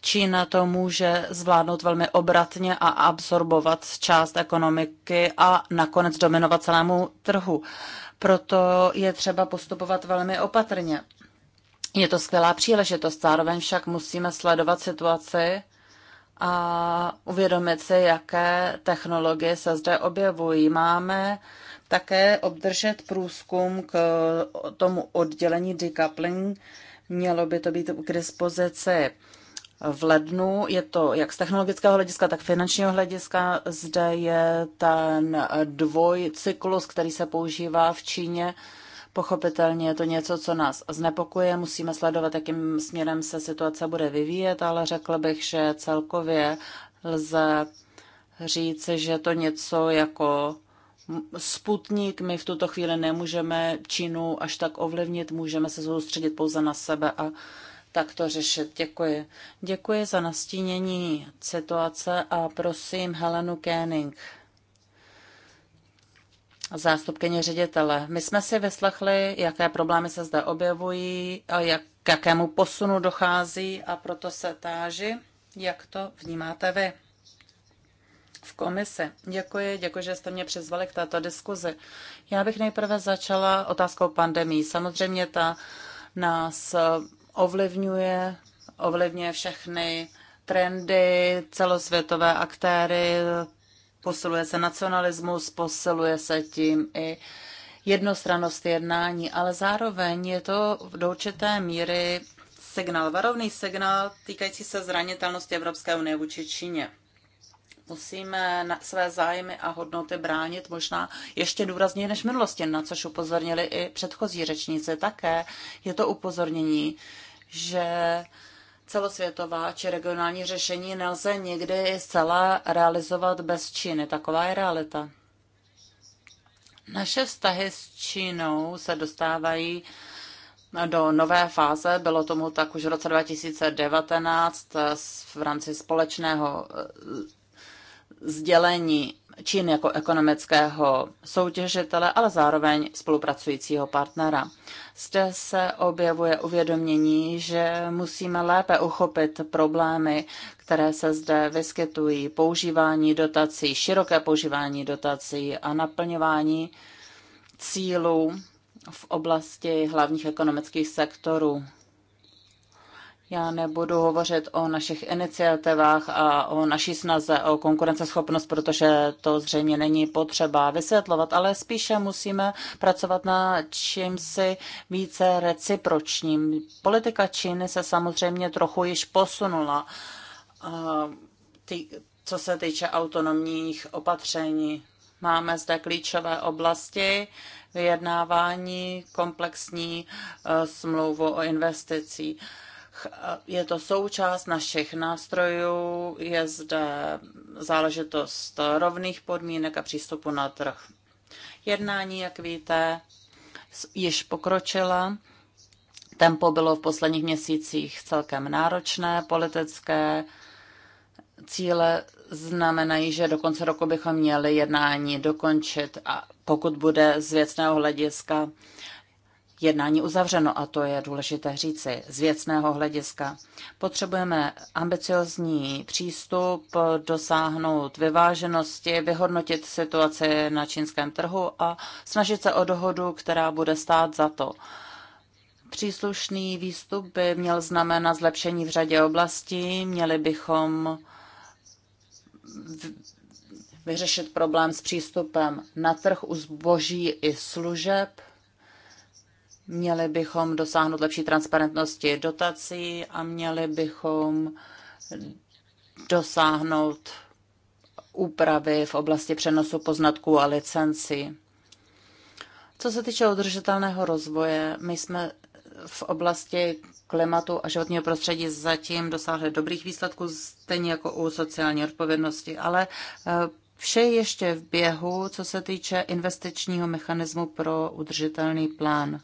Čína to může zvládnout velmi obratně a absorbovat část ekonomiky a nakonec dominovat celému trhu. Proto je třeba postupovat velmi opatrně. Je to skvělá příležitost, zároveň však musíme sledovat situaci a uvědomit si, jaké technologie se zde objevují. Máme také obdržet průzkum k tomu oddělení decoupling. Mělo by to být k dispozici v lednu. Je to jak z technologického hlediska, tak finančního hlediska. Zde je ten dvojcyklus, který se používá v Číně. Pochopitelně je to něco, co nás znepokuje. Musíme sledovat, jakým směrem se situace bude vyvíjet, ale řekl bych, že celkově lze říct, že to něco jako sputník. my v tuto chvíli nemůžeme Čínu až tak ovlivnit, můžeme se soustředit pouze na sebe a takto řešit. Děkuji. Děkuji za nastínění situace a prosím Helenu Kéning, zástupkyně ředitele. My jsme si vyslechli, jaké problémy se zde objevují, a jak, k jakému posunu dochází a proto se táži, jak to vnímáte vy v komisi. Děkuji, děkuji, že jste mě přizvali k této diskuzi. Já bych nejprve začala otázkou pandemii. Samozřejmě ta nás ovlivňuje, ovlivňuje všechny trendy, celosvětové aktéry, posiluje se nacionalismus, posiluje se tím i jednostrannost jednání, ale zároveň je to do určité míry signál, varovný signál týkající se zranitelnosti Evropské unie vůči Číně. Musíme na své zájmy a hodnoty bránit možná ještě důrazněji než v minulosti, na což upozornili i předchozí řečníci. Také je to upozornění, že celosvětová či regionální řešení nelze nikdy zcela realizovat bez Číny. Taková je realita. Naše vztahy s Čínou se dostávají do nové fáze. Bylo tomu tak už v roce 2019 v rámci společného eh, sdělení Čín jako ekonomického soutěžitele, ale zároveň spolupracujícího partnera. Zde se objevuje uvědomění, že musíme lépe uchopit problémy, které se zde vyskytují, používání dotací, široké používání dotací a naplňování cílů v oblasti hlavních ekonomických sektorů. Já nebudu hovořit o našich iniciativách a o naší snaze o konkurenceschopnost, protože to zřejmě není potřeba vysvětlovat, ale spíše musíme pracovat na čímsi více recipročním. Politika Číny se samozřejmě trochu již posunula, co se týče autonomních opatření. Máme zde klíčové oblasti vyjednávání, komplexní eh, smlouvu o investicích je to součást našich nástrojů, je zde záležitost rovných podmínek a přístupu na trh. Jednání, jak víte, již pokročila. Tempo bylo v posledních měsících celkem náročné, politické cíle znamenají, že do konce roku bychom měli jednání dokončit a pokud bude z věcného hlediska jednání uzavřeno, a to je důležité říci z věcného hlediska. Potřebujeme ambiciozní přístup, dosáhnout vyváženosti, vyhodnotit situaci na čínském trhu a snažit se o dohodu, která bude stát za to. Příslušný výstup by měl znamenat zlepšení v řadě oblastí. Měli bychom vyřešit problém s přístupem na trh u zboží i služeb, Měli bychom dosáhnout lepší transparentnosti dotací a měli bychom dosáhnout úpravy v oblasti přenosu poznatků a licencí. Co se týče udržitelného rozvoje, my jsme v oblasti klimatu a životního prostředí zatím dosáhli dobrých výsledků, stejně jako u sociální odpovědnosti, ale eh, vše ještě v běhu, co se týče investičního mechanismu pro udržitelný plán.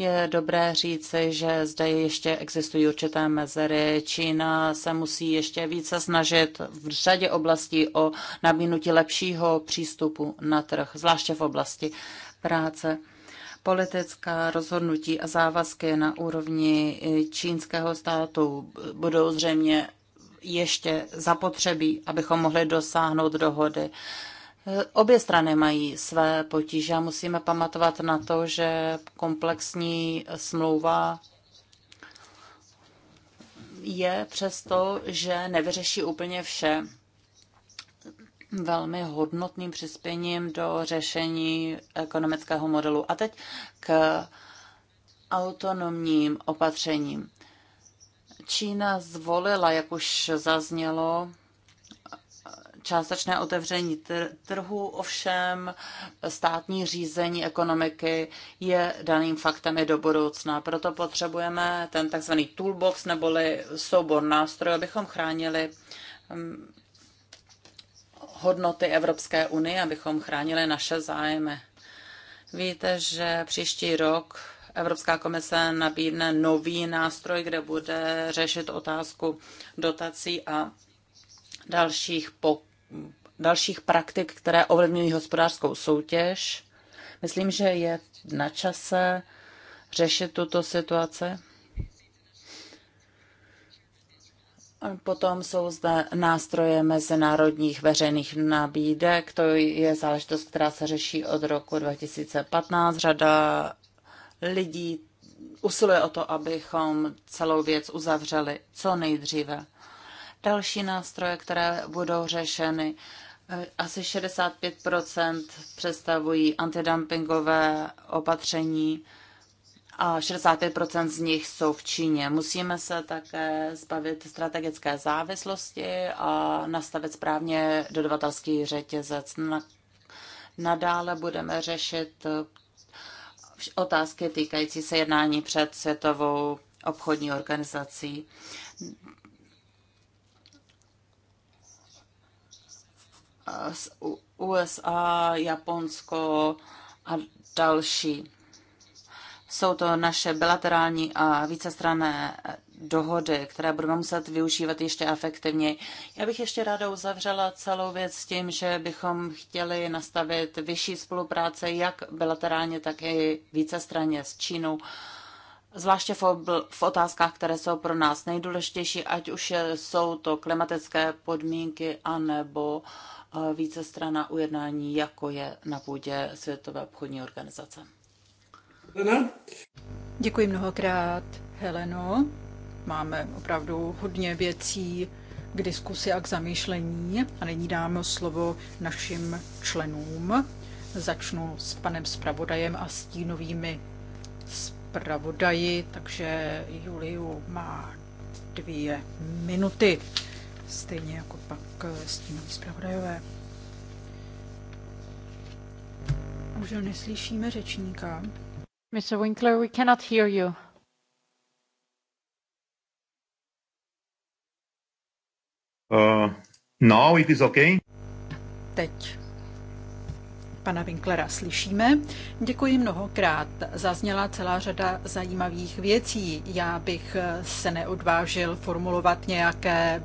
Je dobré říci, že zde ještě existují určité mezery. Čína se musí ještě více snažit v řadě oblastí o nabídnutí lepšího přístupu na trh, zvláště v oblasti práce politická rozhodnutí a závazky na úrovni čínského státu budou zřejmě ještě zapotřebí, abychom mohli dosáhnout dohody. Obě strany mají své potíže a musíme pamatovat na to, že komplexní smlouva je přesto, že nevyřeší úplně vše, velmi hodnotným přispěním do řešení ekonomického modelu. A teď k autonomním opatřením. Čína zvolila, jak už zaznělo, částečné otevření trhu, ovšem státní řízení ekonomiky je daným faktem i do budoucna. Proto potřebujeme ten tzv. toolbox neboli soubor nástrojů, abychom chránili mm, hodnoty Evropské unie, abychom chránili naše zájmy. Víte, že příští rok Evropská komise nabídne nový nástroj, kde bude řešit otázku dotací a dalších pokut dalších praktik, které ovlivňují hospodářskou soutěž. Myslím, že je na čase řešit tuto situaci. Potom jsou zde nástroje mezinárodních veřejných nabídek. To je záležitost, která se řeší od roku 2015. Řada lidí usiluje o to, abychom celou věc uzavřeli co nejdříve další nástroje, které budou řešeny. Asi 65 představují antidumpingové opatření a 65 z nich jsou v Číně. Musíme se také zbavit strategické závislosti a nastavit správně dodavatelský řetězec. Nadále budeme řešit eh, otázky týkající se jednání před Světovou obchodní organizací. USA, Japonsko a další. Jsou to naše bilaterální a vícestranné dohody, které budeme muset využívat ještě efektivněji. Já bych ještě ráda uzavřela celou věc s tím, že bychom chtěli nastavit vyšší spolupráce jak bilaterálně, tak i vícestranně s Čínou zvláště v, obl- v otázkách, které jsou pro nás nejdůležitější, ať už jsou to klimatické podmínky anebo strana ujednání, jako je na půdě Světové obchodní organizace. Helena? Děkuji mnohokrát, Heleno. Máme opravdu hodně věcí k diskusi a k zamýšlení a nyní dám slovo našim členům. Začnu s panem zpravodajem a stínovými zpravodaji, takže Juliu má dvě minuty stejně jako pak eh, tím zpravodajové. Už neslyšíme řečníka. Mr. Winkler, we cannot hear you. Uh, no, it is okay. Teď pana Winklera slyšíme. Děkuji mnohokrát. Zazněla celá řada zajímavých věcí. Já bych eh, se neodvážil formulovat nějaké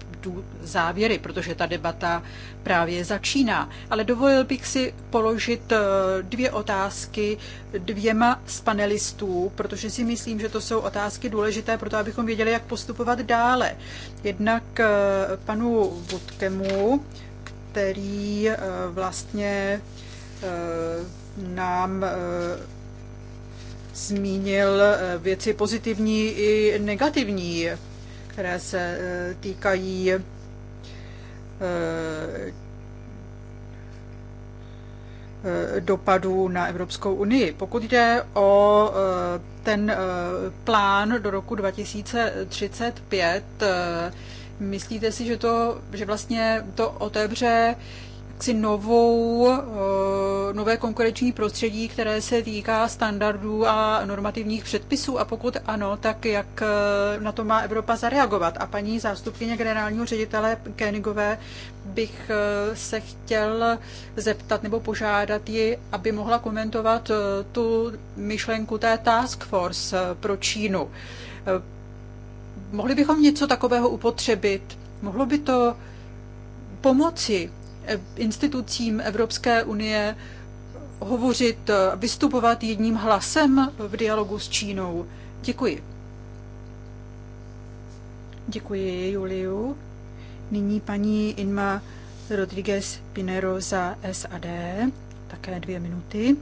závěry, protože ta debata právě začíná. Ale dovolil bych si položit eh, dvě otázky dvěma z panelistů, protože si myslím, že to jsou otázky důležité pro to, abychom věděli, jak postupovat dále. Jednak eh, panu Budkemu, který vlastně Eh, nám eh, zmínil eh, věci pozitivní i negativní, které se týkají dopadů na Evropskou unii. Pokud jde o ten plán do roku 2035, myslíte si, že, to, že vlastně to otevře jaksi novou, eh, nové konkurenční prostředí, které se týká standardů a normativních předpisů a pokud ano, tak jak eh, na to má Evropa zareagovat. A paní zástupkyně generálního ředitele Kenigové bych eh, se chtěl zeptat nebo požádat ji, aby mohla komentovat tu myšlenku té task force pro Čínu. Mohli bychom něco takového upotřebit? Mohlo by to pomoci institucím Evropské unie hovořit, eh, vystupovat jedním hlasem v dialogu s Čínou. Děkuji. Děkuji, Juliu. Nyní paní Inma Rodriguez Pinero za SAD, také dvě minuty.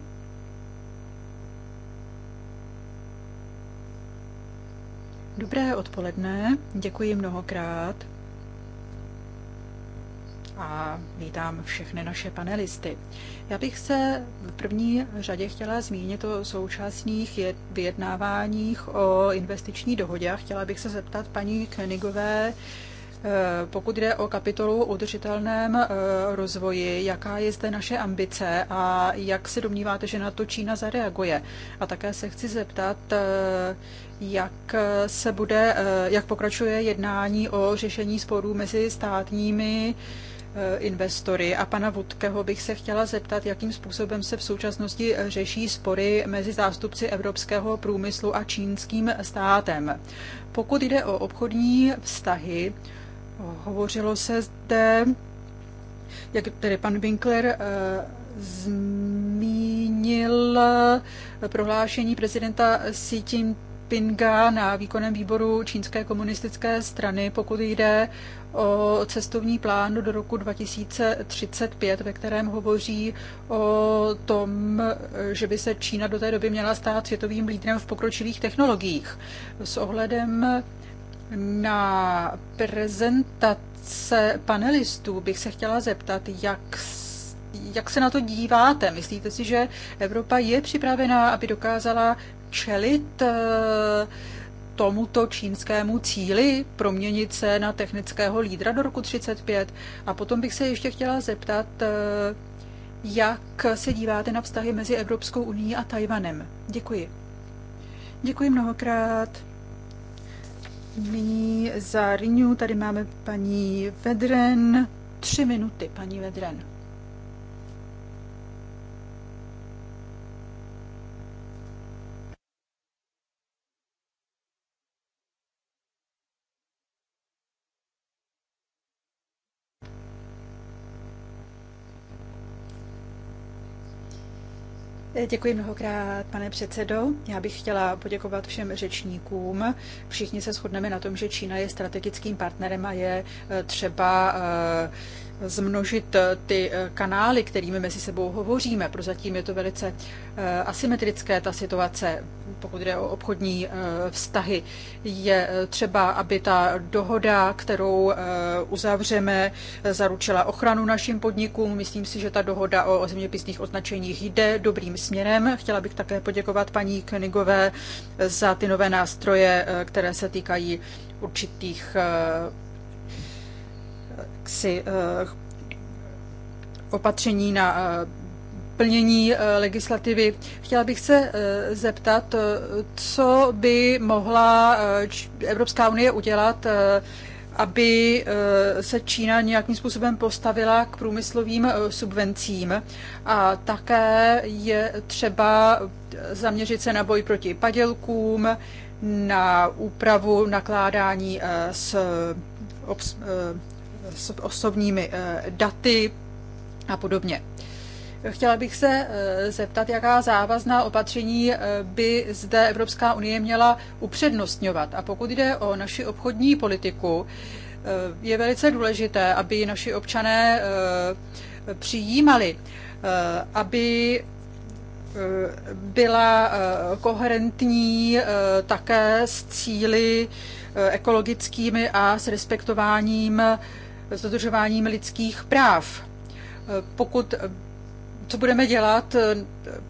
Dobré odpoledne, děkuji mnohokrát a vítám všechny naše panelisty. Já bych se v první řadě chtěla zmínit o současných vyjednáváních o investiční dohodě a chtěla bych se zeptat paní Kenigové, e, pokud jde o kapitolu o udržitelném e, rozvoji, jaká je zde naše ambice a jak se domníváte, že na to Čína zareaguje? A také se chci zeptat, e, jak se bude, jak pokračuje jednání o řešení sporů mezi státními Eh, investory. A pana Vudkeho bych se chtěla zeptat, jakým způsobem se v současnosti eh, řeší spory mezi zástupci evropského průmyslu a čínským státem. Pokud jde o obchodní vztahy, eh, hovořilo se zde, jak tedy pan Winkler zmínil prohlášení prezidenta Xi Jinpinga na výkonném výboru čínské komunistické strany, pokud jde o cestovní plán do roku 2035, ve kterém hovoří o tom, že by se Čína do té doby měla stát světovým lídrem v pokročilých technologiích. S ohledem na prezentace panelistů bych se chtěla zeptat, jak jak se na to díváte? Myslíte si, že Evropa je připravená, aby dokázala čelit uh, tomuto čínskému cíli proměnit se na technického lídra do roku 35? A potom bych se ještě chtěla zeptat, eh, jak se díváte na vztahy mezi Evropskou unii a Tajvanem? Děkuji. Děkuji mnohokrát. Nyní za Rinu tady máme paní Vedren. Tři minuty, paní Vedren. Děkuji mnohokrát, pane předsedo. Já bych chtěla poděkovat všem řečníkům. Všichni se shodneme na tom, že Čína je strategickým partnerem a je eh, třeba eh, zmnožit eh, ty eh, kanály, kterými mezi sebou hovoříme. Prozatím je to velice eh, asymetrické, ta situace, pokud jde o obchodní vztahy. Je třeba, aby ta dohoda, kterou uzavřeme, zaručila ochranu našim podnikům. Myslím si, že ta dohoda o zeměpisných označeních jde dobrým směrem. Chtěla bych také poděkovat paní Knigové za ty nové nástroje, které se týkají určitých jaksi eh, opatření na eh, plnění eh, legislativy. Chtěla bych se zeptat, co by mohla Evropská unie udělat, aby se Čína nějakým způsobem postavila k průmyslovým subvencím. A také je třeba zaměřit se na boj proti padělkům, na úpravu nakládání s, s osobními eh, daty a podobně. Chtěla bych se eh, zeptat, jaká závazná opatření eh, by zde Evropská unie měla upřednostňovat. A pokud jde o naši obchodní politiku, je velice důležité, aby naši občané přijímali, aby byla koherentní také s cíly ekologickými a s respektováním s dodržováním lidských práv. Pokud co budeme dělat,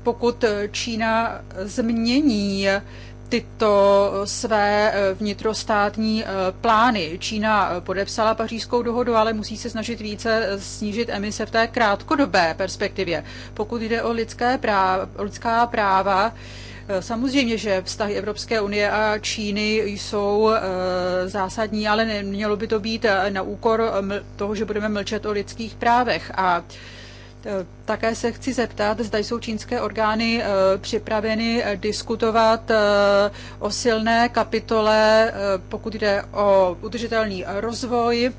pokud Čína změní tyto své vnitrostátní plány. Čína podepsala pařížskou dohodu, ale musí se snažit více snížit emise v té krátkodobé perspektivě. Pokud jde o lidské práva, lidská práva, Eh, samozřejmě, že vztahy Evropské unie a Číny jsou eh, zásadní, ale nemělo by to být eh, na úkor toho, že budeme mlčet o lidských právech. A také se chci zeptat, zda jsou čínské orgány připraveny diskutovat o silné kapitole, pokud jde o udržitelný rozvoj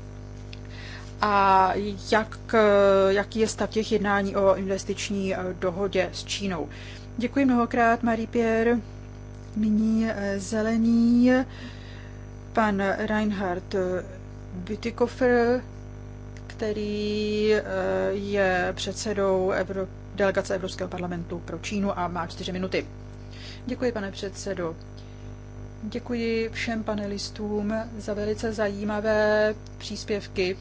a jak, jaký je stav těch jednání o investiční dohodě s Čínou. Děkuji mnohokrát, Marie-Pierre. Nyní eh, zelený pan Reinhard Bütikofer, který eh, je předsedou Evro- delegace Evropského parlamentu pro Čínu a má čtyři minuty. Děkuji, pane předsedo. Děkuji všem panelistům za velice zajímavé příspěvky.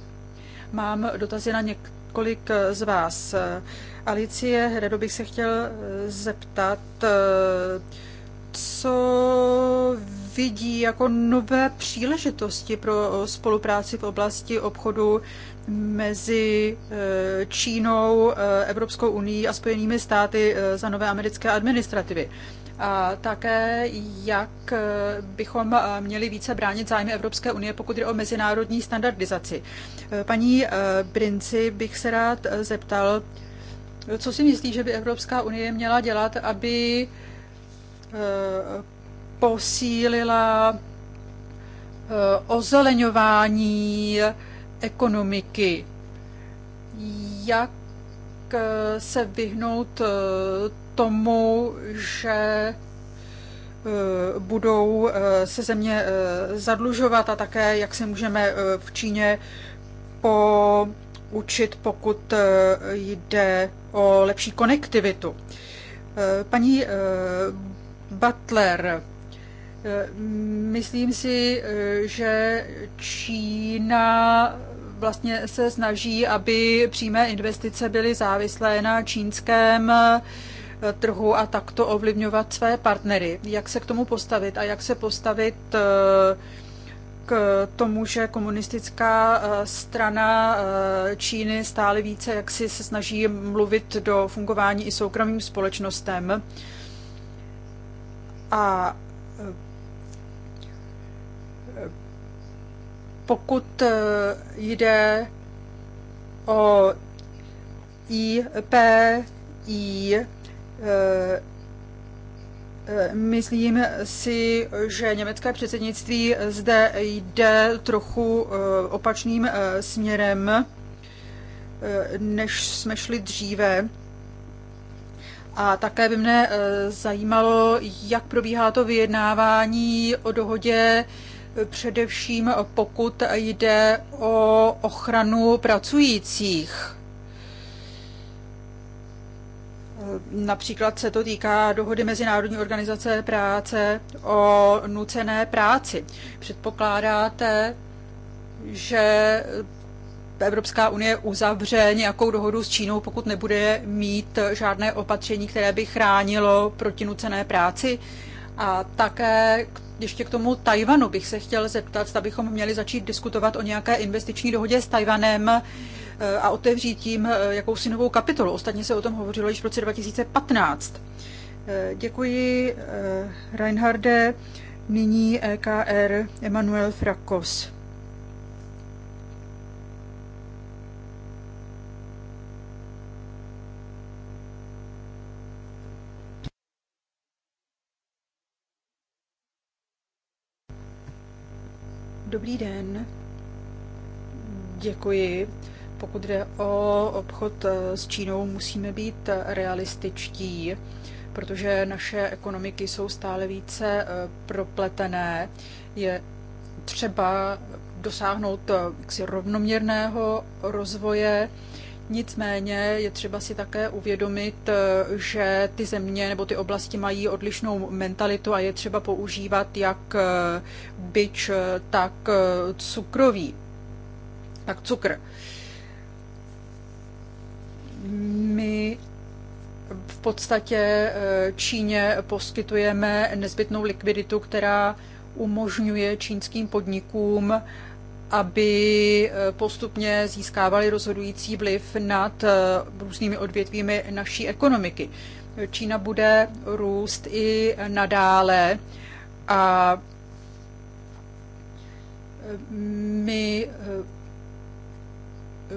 Mám dotazy na něk- kolik eh, z vás. Eh, Alicie, Hredo bych se chtěl eh, zeptat, co vidí jako nové příležitosti pro spolupráci v oblasti obchodu mezi Čínou, Evropskou unii a Spojenými státy za nové americké administrativy a také jak eh, bychom eh, měli více bránit zájmy Evropské unie, pokud jde o mezinárodní standardizaci. Eh, paní Brinci bych se rád zeptal, co si myslí, že by Evropská unie měla dělat, aby posílila ozeleňování ekonomiky? Jak se vyhnout tomu, že eh, budou eh, se země eh, zadlužovat a také, jak se můžeme v Číně poučit, pokud jde o lepší konektivitu. Paní Butler, myslím si, že Čína vlastně se snaží, aby přímé investice byly závislé na čínském Eh, trhu a takto ovlivňovat své partnery. Jak se k tomu postavit a jak se postavit eh, k tomu, že komunistická eh, strana Číny stále více jak si se snaží mluvit do fungování i soukromým společnostem. A pokud jde o IPI, Eh, eh, myslím si, že německé předsednictví zde jde trochu eh, opačným směrem, než jsme šli dříve. A také by mne zajímalo, jak probíhá to vyjednávání o dohodě, především pokud jde o ochranu pracujících. Eh, například se to týká dohody Mezinárodní organizace práce o nucené práci. Předpokládáte, že Evropská unie uzavře nějakou dohodu s Čínou, pokud nebude mít žádné opatření, které by chránilo proti nucené práci? A také ještě k tomu Tajvanu bych se chtěl zeptat, zda bychom měli začít diskutovat o nějaké investiční dohodě s Tajvanem, Eh, a otevřít tím eh, jakousi novou kapitolu. Ostatně se o tom hovořilo již v roce 2015. Eh, děkuji, Reinharde. Nyní EKR Emanuel Frakos. Dobrý den. Děkuji. Pokud jde o obchod eh, s Čínou, musíme být eh, realističtí, protože naše ekonomiky jsou stále více eh, propletené. Je třeba dosáhnout jaksi rovnoměrného rozvoje. Nicméně je třeba si také uvědomit, že ty země nebo ty oblasti mají odlišnou mentalitu a je třeba používat jak byč, tak cukroví, tak cukr my v podstatě eh, Číně poskytujeme nezbytnou likviditu, která umožňuje čínským podnikům, aby eh, postupně získávali rozhodující vliv nad eh, různými odvětvími naší ekonomiky. Čína bude růst i nadále a my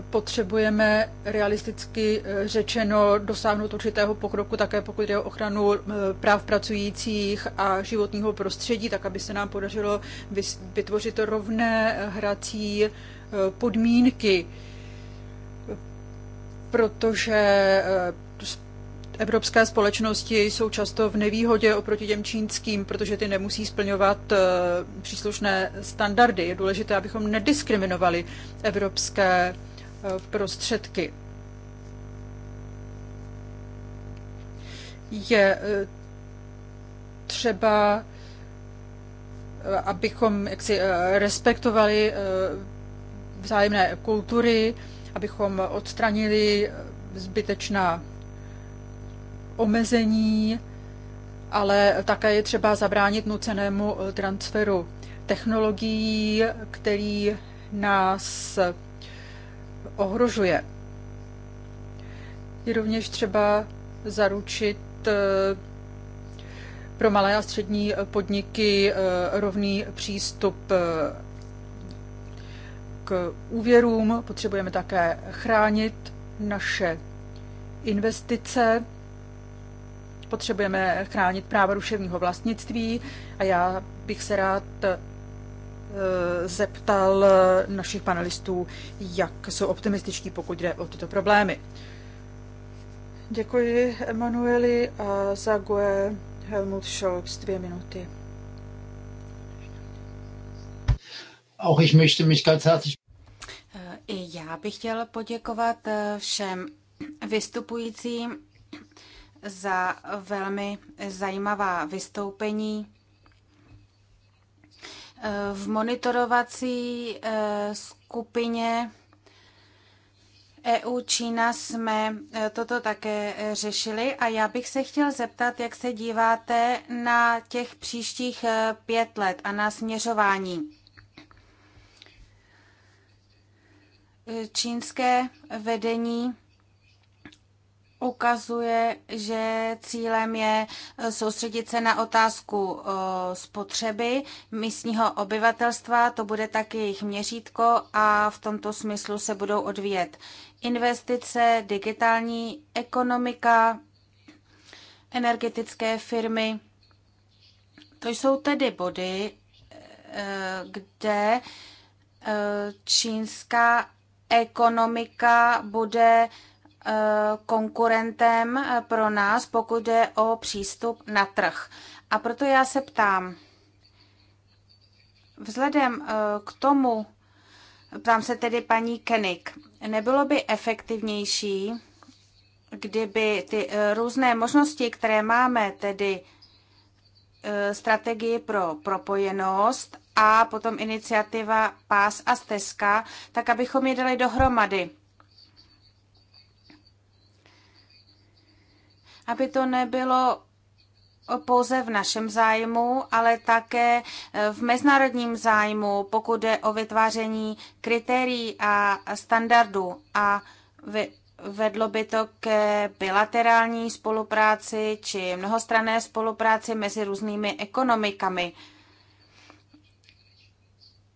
potřebujeme realisticky eh, řečeno dosáhnout určitého pokroku také pokud je o ochranu eh, práv pracujících a životního prostředí, tak aby se nám podařilo vytvořit rovné hrací eh, podmínky, protože evropské společnosti jsou často v nevýhodě oproti těm čínským, protože ty nemusí splňovat příslušné standardy. Je důležité, abychom nediskriminovali evropské Eh, prostředky. Je eh, třeba, eh, abychom jaksi respektovali vzájemné kultury, abychom odstranili zbytečná omezení, ale také je třeba zabránit nucenému transferu technologií, který nás ohrožuje. Je rovněž třeba zaručit eh, pro malé a střední podniky eh, rovný přístup eh, k úvěrům. Potřebujeme také chránit naše investice, potřebujeme chránit práva ruševního vlastnictví a já bych se rád Eh, zeptal eh, našich panelistů, jak jsou optimističtí, pokud jde o tyto problémy. Děkuji Emanueli a Zague Helmut Scholz dvě minuty. Auch ich möchte mich ganz herzlich eh, i já bych chtěl poděkovat všem vystupujícím za velmi zajímavá vystoupení. V monitorovací eh, skupině EU Čína jsme eh, toto také eh, řešili a já bych se chtěl zeptat, jak se díváte na těch příštích pět let a na směřování. Čínské vedení ukazuje, že cílem je eh, soustředit se na otázku eh, spotřeby místního obyvatelstva, to bude taky jejich měřítko a v tomto smyslu se budou odvíjet investice, digitální ekonomika, energetické firmy. To jsou tedy body, eh, kde čínská ekonomika bude konkurentem eh, pro nás, pokud jde o přístup na trh. A proto já se ptám, vzhledem eh, k tomu, ptám se tedy paní Kenik, nebylo by efektivnější, kdyby ty eh, různé možnosti, které máme, tedy strategii pro propojenost a potom iniciativa Pás a stezka, tak abychom je dali dohromady aby to nebylo pouze v našem zájmu, ale také eh, v mezinárodním zájmu, pokud je o vytváření kritérií a standardů a vy, vedlo by to ke bilaterální spolupráci či mnohostranné spolupráci mezi různými ekonomikami.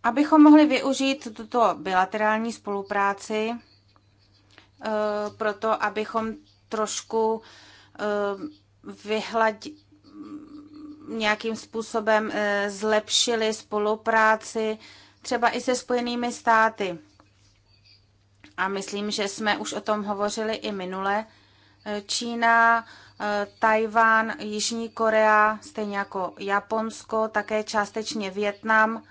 Abychom mohli využít tuto bilaterální spolupráci, eh, proto abychom trošku uh, Eh, vyhladit nějakým způsobem eh, zlepšili spolupráci třeba i se Spojenými státy. A myslím, že jsme už o tom hovořili i minule. Eh, Čína, Tajván, Jižní Korea, stejně jako Japonsko, také částečně Větnam,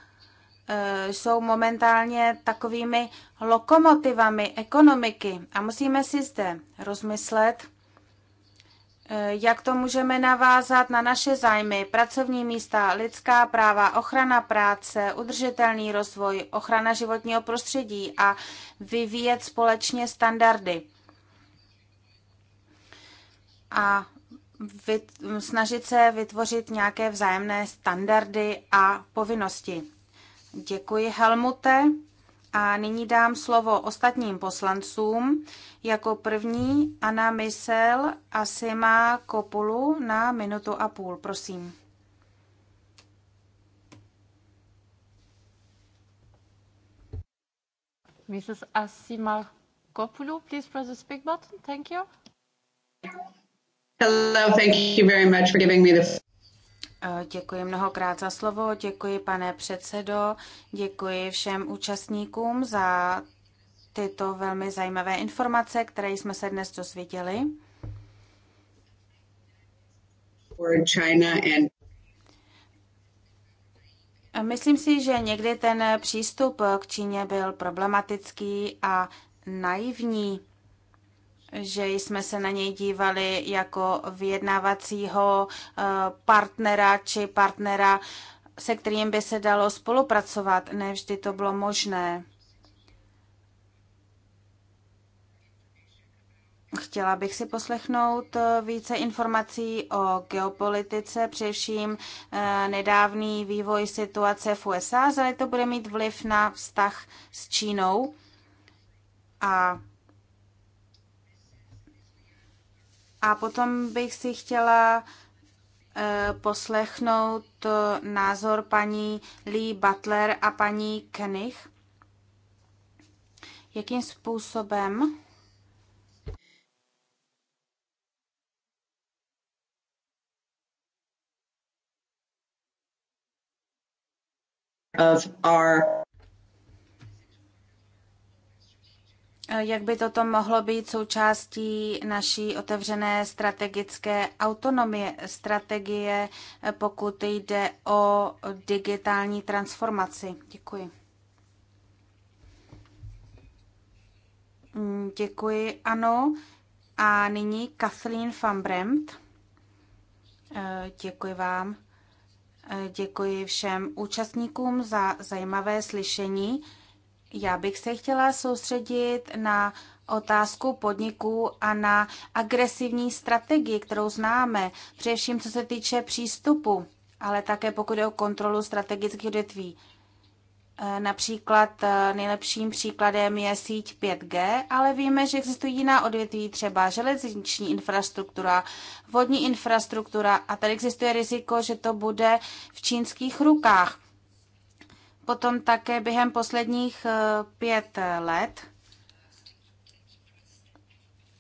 jsou momentálně takovými lokomotivami ekonomiky. A musíme si zde rozmyslet, Eh, jak to můžeme navázat na naše zájmy, pracovní místa, lidská práva, ochrana práce, udržitelný rozvoj, ochrana životního prostředí a vyvíjet společně standardy? A vyt, snažit se vytvořit nějaké vzájemné standardy a povinnosti. Děkuji, Helmute. A nyní dám slovo ostatním poslancům. Jako první Anna Mysel a Sima Kopulu na minutu a půl. Prosím. Mrs. Asima Kopulu, please press the speak button. Thank you. Hello, thank you very much for giving me the Děkuji mnohokrát za slovo, děkuji pane předsedo, děkuji všem účastníkům za tyto velmi zajímavé informace, které jsme se dnes dozvěděli. Myslím si, že někdy ten přístup k Číně byl problematický a naivní že jsme se na něj dívali jako vyjednávacího eh, partnera či partnera, se kterým by se dalo spolupracovat. Ne vždy to bylo možné. Chtěla bych si poslechnout eh, více informací o geopolitice, především eh, nedávný vývoj situace v USA, zda to bude mít vliv na vztah s Čínou a A potom bych si chtěla eh, poslechnout eh, názor paní Lee Butler a paní Kenich. Jakým způsobem of our Eh, jak by toto mohlo být součástí naší otevřené strategické autonomie, strategie, eh, pokud jde o digitální transformaci? Děkuji. Mm, děkuji, ano. A nyní Kathleen van Bremt. Eh, děkuji vám. Děkuji všem účastníkům za zajímavé slyšení. Já bych se chtěla soustředit na otázku podniků a na agresivní strategii, kterou známe, především co se týče přístupu, ale také pokud je o kontrolu strategických odvětví. E, například e, nejlepším příkladem je síť 5G, ale víme, že existují jiná odvětví, třeba železniční infrastruktura, vodní infrastruktura a tady existuje riziko, že to bude v čínských rukách potom také během posledních eh, pět let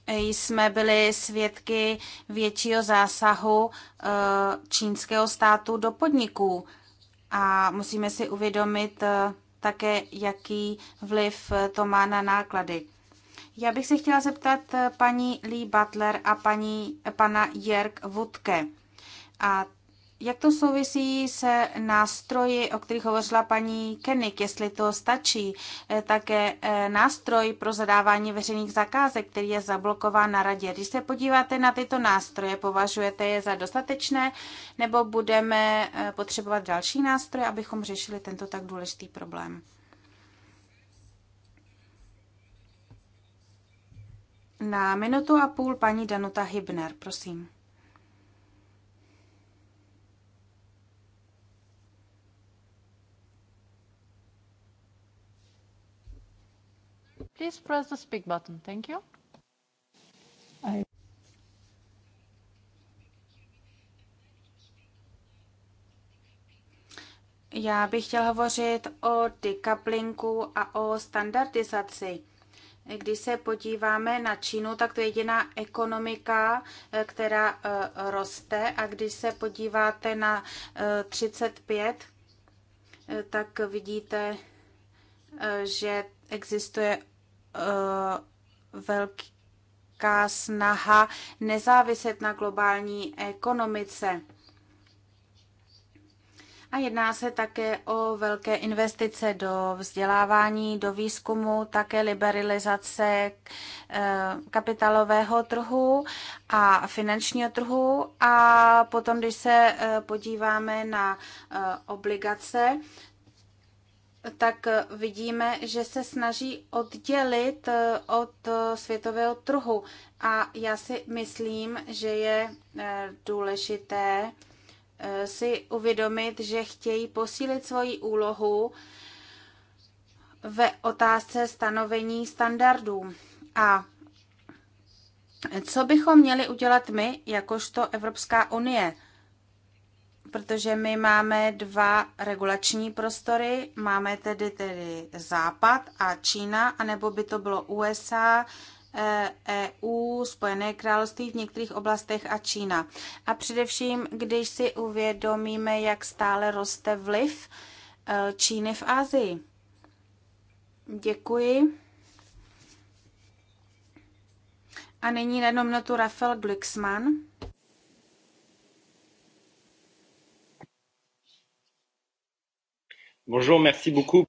jsme byli svědky většího zásahu eh, čínského státu do podniků. A musíme si uvědomit eh, také, jaký vliv to má na náklady. Já bych se chtěla zeptat paní Lee Butler a paní, pana Jerk Vudke. A jak to souvisí se nástroji, o kterých hovořila paní Kenik, jestli to stačí? Eh, také eh, nástroj pro zadávání veřejných zakázek, který je zablokován na radě. Když se podíváte na tyto nástroje, považujete je za dostatečné, nebo budeme eh, potřebovat další nástroje, abychom řešili tento tak důležitý problém? Na minutu a půl paní Danuta Hybner, prosím. please press the speak button. Thank you. I... Já bych chtěl hovořit o decouplingu a o standardizaci. Když se podíváme na Čínu, tak to je jediná ekonomika, eh, která eh, roste. A když se podíváte na 35, eh, tak vidíte, že existuje Eh, velká snaha nezáviset na globální ekonomice. A jedná se také o velké investice do vzdělávání, do výzkumu, také liberalizace eh, kapitálového trhu a finančního trhu. A potom, když se eh, podíváme na obligace, tak eh, vidíme, že se snaží oddělit eh, od eh, světového trhu. A já si myslím, že je důležité si uvědomit, že chtějí posílit svoji úlohu ve otázce stanovení standardů. A co bychom měli udělat my, jakožto Evropská unie? protože my máme dva regulační prostory, máme tedy tedy Západ a Čína, anebo by to bylo USA, EU, eh, e Spojené království v některých oblastech a Čína. A především, když si uvědomíme, jak stále roste vliv eh, Číny v Asii. Děkuji. A nyní na jednu minutu Rafael Glixman. Bonjour, merci beaucoup.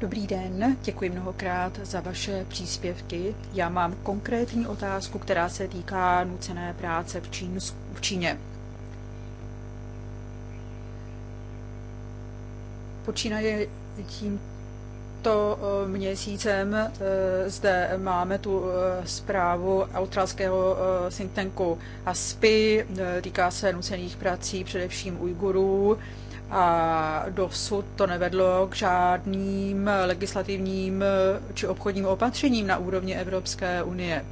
Dobrý den, děkuji mnohokrát za vaše příspěvky. Já mám konkrétní otázku, která se týká nucené práce v, Čín, v Číně. Počínaje tím tímto eh, měsícem eh, zde máme tu eh, zprávu australského think tanku ASPI, týká se nucených prací především Ujgurů a dosud to nevedlo k žádným legislativním či obchodním opatřením na úrovni Evropské unie.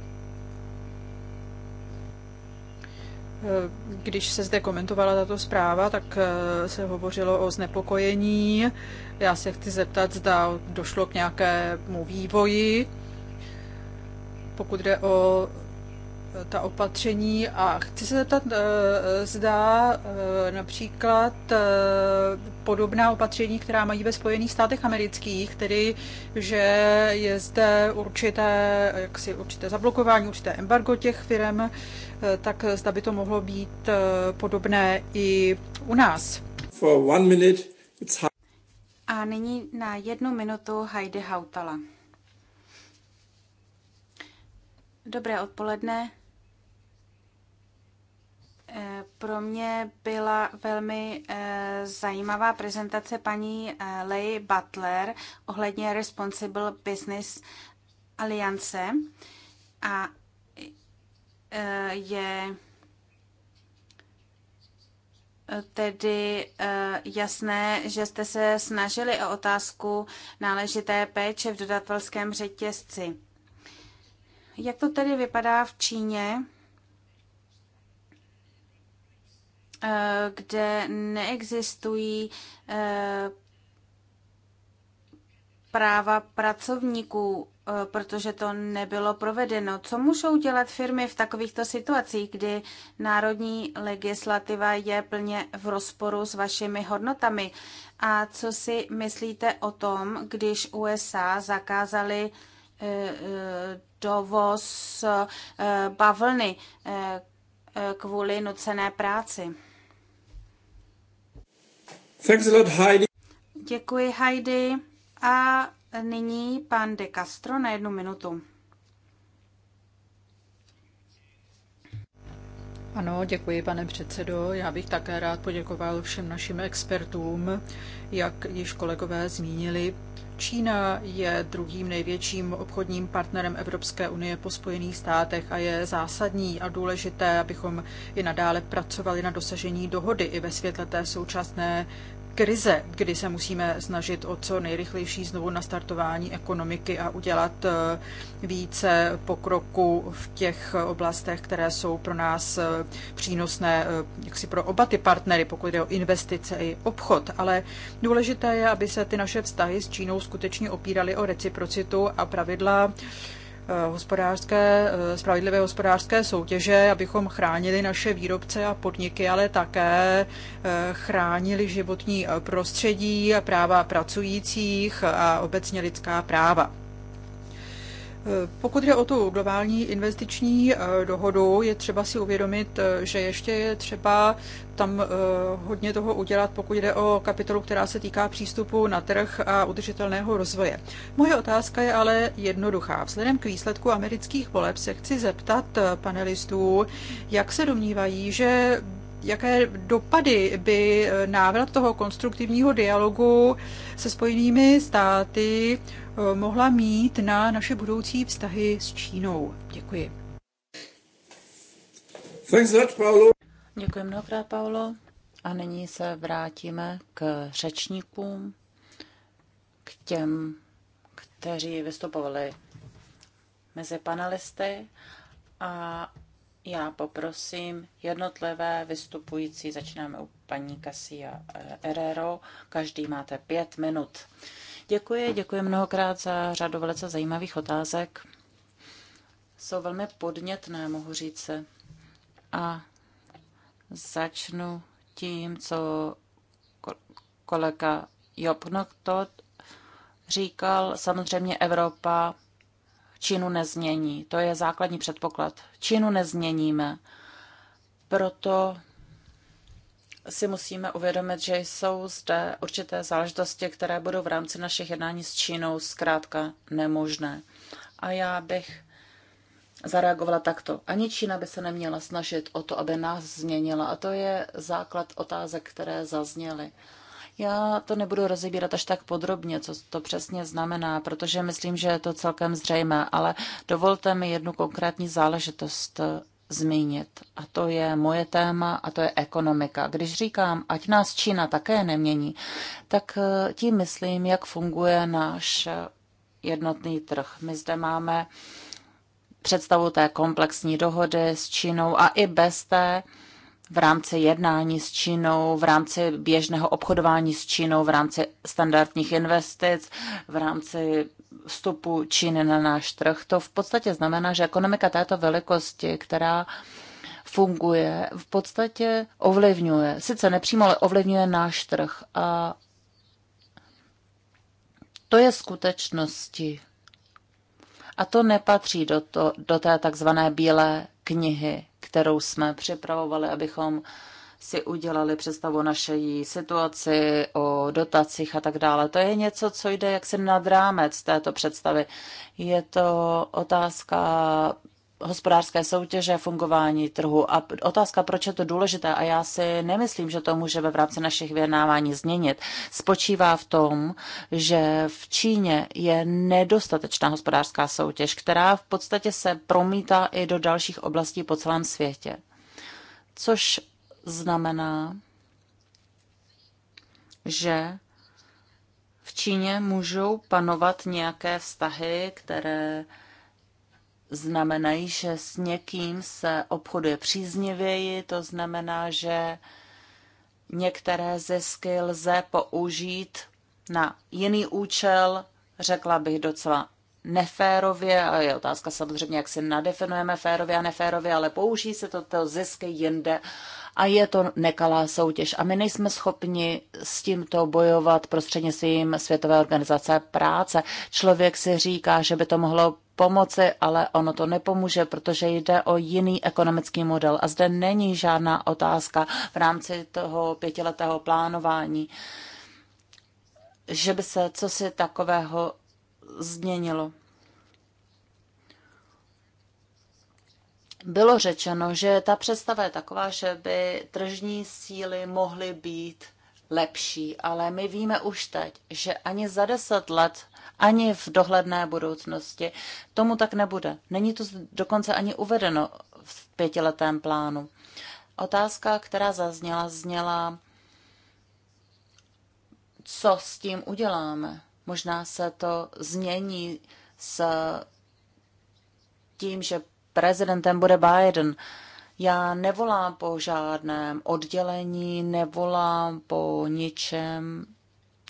Když se zde komentovala tato zpráva, tak eh, se hovořilo o znepokojení. Já se chci zeptat, zda došlo k nějakému vývoji, pokud jde o ta opatření a chci se zeptat, eh, zda eh, například eh, podobná opatření, která mají ve Spojených státech amerických, tedy že je zde určité, jaksi, určité zablokování, určité embargo těch firm, tak zda by to mohlo být podobné i u nás. For one minute, it's... A nyní na jednu minutu Heidi Hautala. Dobré odpoledne. Eh, pro mě byla velmi eh, zajímavá prezentace paní eh, Lei Butler ohledně Responsible Business aliance a je tedy jasné, že jste se snažili o otázku náležité péče v dodatelském řetězci. Jak to tedy vypadá v Číně? Eh, kde neexistují eh, práva pracovníků, eh, protože to nebylo provedeno. Co můžou dělat firmy v takovýchto situacích, kdy národní legislativa je plně v rozporu s vašimi hodnotami? A co si myslíte o tom, když USA zakázali dovoz bavlny kvůli nucené práci? Thanks a lot, Heidi. Děkuji, Heidi. A nyní pan De Castro na jednu minutu. Ano, děkuji, pane předsedo. Já bych také rád poděkoval všem našim expertům. Jak již kolegové zmínili, Čína je druhým největším obchodním partnerem Evropské unie po Spojených státech a je zásadní a důležité, abychom i nadále pracovali na dosažení dohody i ve světle té současné krize, kdy se musíme snažit o co nejrychlejší znovu nastartování ekonomiky a udělat eh, více pokroku v těch oblastech, které jsou pro nás eh, přínosné, eh, jaksi pro oba ty partnery, pokud jde o investice i obchod. Ale důležité je, aby se ty naše vztahy s Čínou skutečně opíraly o reciprocitu a pravidla Eh, hospodářské, eh, spravedlivé hospodářské soutěže, abychom chránili naše výrobce a podniky, ale také eh, chránili životní prostředí a práva pracujících a obecně lidská práva. Pokud jde o tu globální investiční eh, dohodu, je třeba si uvědomit, eh, že ještě je třeba tam eh, hodně toho udělat, pokud jde o kapitolu, která se týká přístupu na trh a udržitelného rozvoje. Moje otázka je ale jednoduchá. Vzhledem k výsledku amerických voleb se chci zeptat panelistů, jak se domnívají, že jaké dopady by eh, návrat toho konstruktivního dialogu se spojenými státy eh, mohla mít na naše budoucí vztahy s Čínou. Děkuji. Thanks Paolo. Děkuji mnohokrát, Paolo. A nyní se vrátíme k řečníkům, k těm, kteří vystupovali mezi panelisty. A já poprosím jednotlivé vystupující, začínáme u paní Kasia eh, Herrero, každý máte pět minut. Děkuji, děkuji mnohokrát za řadu velice zajímavých otázek. Jsou velmi podnětné, mohu říct se. A začnu tím, co kolega Jopnok to říkal. Samozřejmě Evropa činu nezmění. To je základní předpoklad. Činu nezměníme. Proto si musíme uvědomit, že jsou zde určité záležitosti, které budou v rámci našich jednání s Čínou zkrátka nemožné. A já bych zareagovala takto. Ani Čína by se neměla snažit o to, aby nás změnila. A to je základ otázek, které zazněly. Já to nebudu rozebírat až tak podrobně, co to přesně znamená, protože myslím, že je to celkem zřejmé, ale dovolte mi jednu konkrétní záležitost zmínit. A to je moje téma a to je ekonomika. Když říkám, ať nás Čína také nemění, tak eh, tím myslím, jak funguje náš jednotný trh. My zde máme představu té komplexní dohody s Čínou a i bez té v rámci jednání s Čínou, v rámci běžného obchodování s Čínou, v rámci standardních investic, v rámci vstupu Číny na náš trh. To v podstatě znamená, že ekonomika této velikosti, která funguje, v podstatě ovlivňuje, sice nepřímo, ale ovlivňuje náš trh. A to je skutečnosti. A to nepatří do, to, do té takzvané bílé knihy kterou jsme připravovali, abychom si udělali představu o naší situaci, o dotacích a tak dále. To je něco, co jde jaksi nad rámec této představy. Je to otázka hospodářské soutěže, fungování trhu. A otázka, proč je to důležité, a já si nemyslím, že to můžeme v rámci našich vyjednávání změnit, spočívá v tom, že v Číně je nedostatečná hospodářská soutěž, která v podstatě se promítá i do dalších oblastí po celém světě. Což znamená, že v Číně můžou panovat nějaké vztahy, které znamenají, že s někým se obchoduje příznivěji, to znamená, že některé zisky lze použít na jiný účel, řekla bych docela neférově, a je otázka samozřejmě, jak si nadefinujeme férově a neférově, ale použijí se toto zisky jinde a je to nekalá soutěž. A my nejsme schopni s tímto bojovat prostřednictvím Světové organizace práce. Člověk si říká, že by to mohlo pomoci, ale ono to nepomůže, protože jde o jiný ekonomický model. A zde není žádná otázka v rámci toho pětiletého plánování, že by se co si takového změnilo. bylo řečeno, že ta představa je taková, že by tržní síly mohly být lepší, ale my víme už teď, že ani za deset let, ani v dohledné budoucnosti tomu tak nebude. Není to dokonce ani uvedeno v pětiletém plánu. Otázka, která zazněla, zněla, co s tím uděláme. Možná se to změní s tím, že prezidentem bude Biden. Já nevolám po žádném oddělení, nevolám po ničem,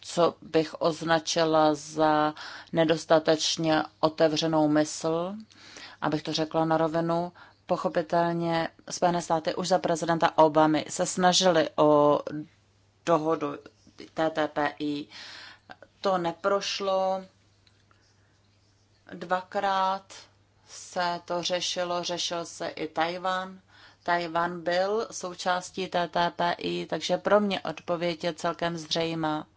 co bych označila za nedostatečně otevřenou mysl, abych to řekla na rovinu. Pochopitelně Spojené státy už za prezidenta Obamy se snažili o dohodu TTPI. To neprošlo dvakrát se to řešilo, řešil se i Tajvan. Tajvan byl součástí TTPI, takže pro mě odpověď je celkem zřejmá.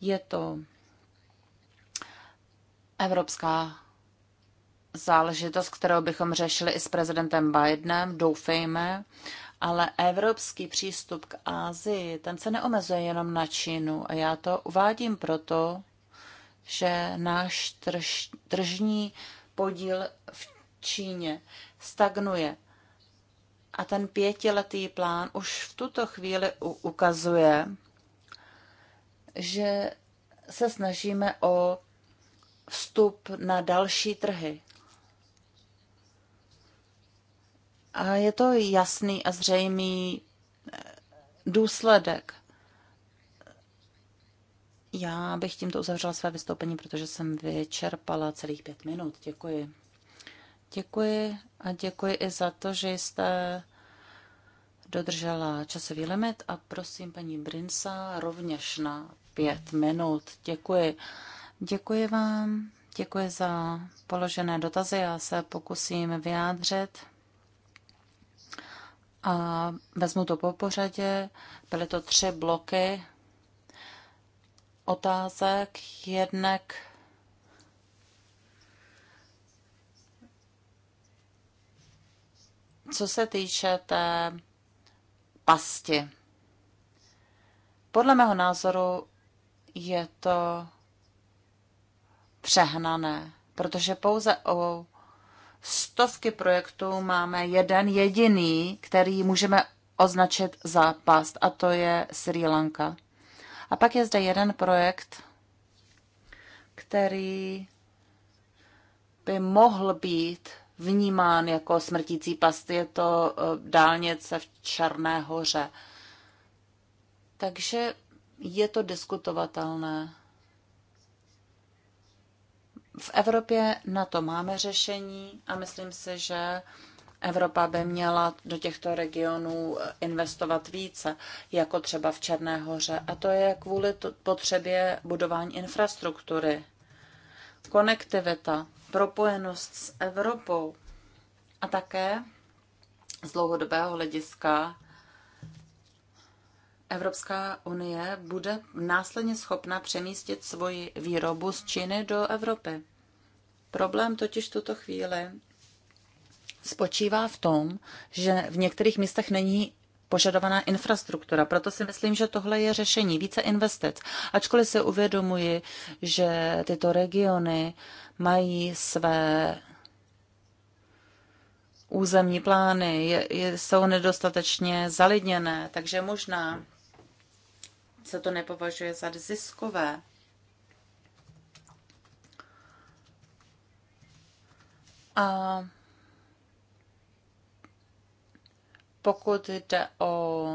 Je to evropská záležitost, kterou bychom řešili i s prezidentem Bidenem, doufejme, ale evropský přístup k Ázii, ten se neomezuje jenom na Čínu a já to uvádím proto, že náš trž, tržní podíl v Číně stagnuje. A ten pětiletý plán už v tuto chvíli ukazuje, že se snažíme o vstup na další trhy. A je to jasný a zřejmý důsledek já bych tímto uzavřela své vystoupení, protože jsem vyčerpala celých pět minut. Děkuji. Děkuji a děkuji i za to, že jste dodržela časový limit a prosím paní Brinsa rovněž na pět minut. Děkuji. Děkuji vám, děkuji za položené dotazy. Já se pokusím vyjádřit a vezmu to po pořadě. Byly to tři bloky otázek. Jednak co se týče té pasti. Podle mého názoru je to přehnané, protože pouze o stovky projektů máme jeden jediný, který můžeme označit za past, a to je Sri Lanka. A pak je zde jeden projekt, který by mohl být vnímán jako smrtící past. Je to e, dálnice v Černé hoře. Takže je to diskutovatelné. V Evropě na to máme řešení a myslím si, že Evropa by měla do těchto regionů eh, investovat více, jako třeba v Černé hoře. A to je kvůli potřebě budování infrastruktury, konektivita, propojenost s Evropou a také z dlouhodobého hlediska Evropská unie bude následně schopna přemístit svoji výrobu z Číny do Evropy. Problém totiž v tuto chvíli spočívá v tom, že v některých místech není požadovaná infrastruktura. Proto si myslím, že tohle je řešení, více investic. Ačkoliv se uvědomuji, že tyto regiony mají své územní plány, je, je, jsou nedostatečně zalidněné, takže možná se to nepovažuje za ziskové. A Pokud jde o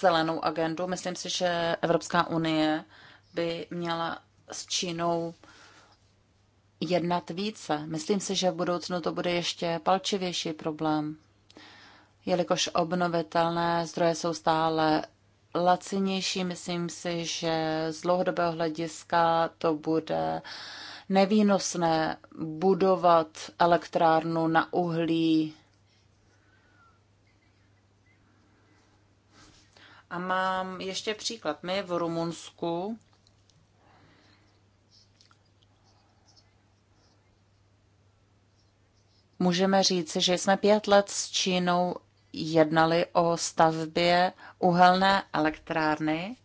zelenou agendu, myslím si, že Evropská unie by měla s Čínou jednat více. Myslím si, že v budoucnu to bude ještě palčivější problém, jelikož obnovitelné zdroje jsou stále lacinější. Myslím si, že z dlouhodobého hlediska to bude nevýnosné budovat elektrárnu na uhlí A mám ještě příklad. My v Rumunsku můžeme říci, že jsme pět let s Čínou jednali o stavbě uhelné elektrárny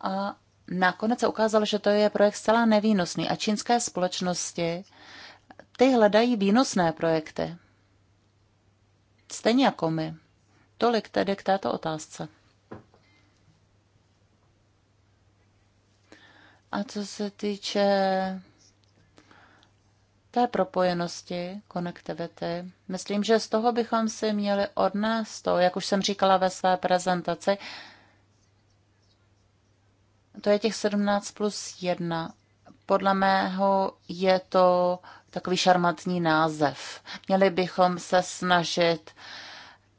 a nakonec se ukázalo, že to je projekt zcela nevýnosný a čínské společnosti ty hledají výnosné projekty. Stejně jako my. Tolik tedy k této otázce. A co se týče té propojenosti, konektivity, myslím, že z toho bychom si měli odnést to, jak už jsem říkala ve své prezentaci, to je těch 17 plus 1. Podle mého je to takový šarmantní název. Měli bychom se snažit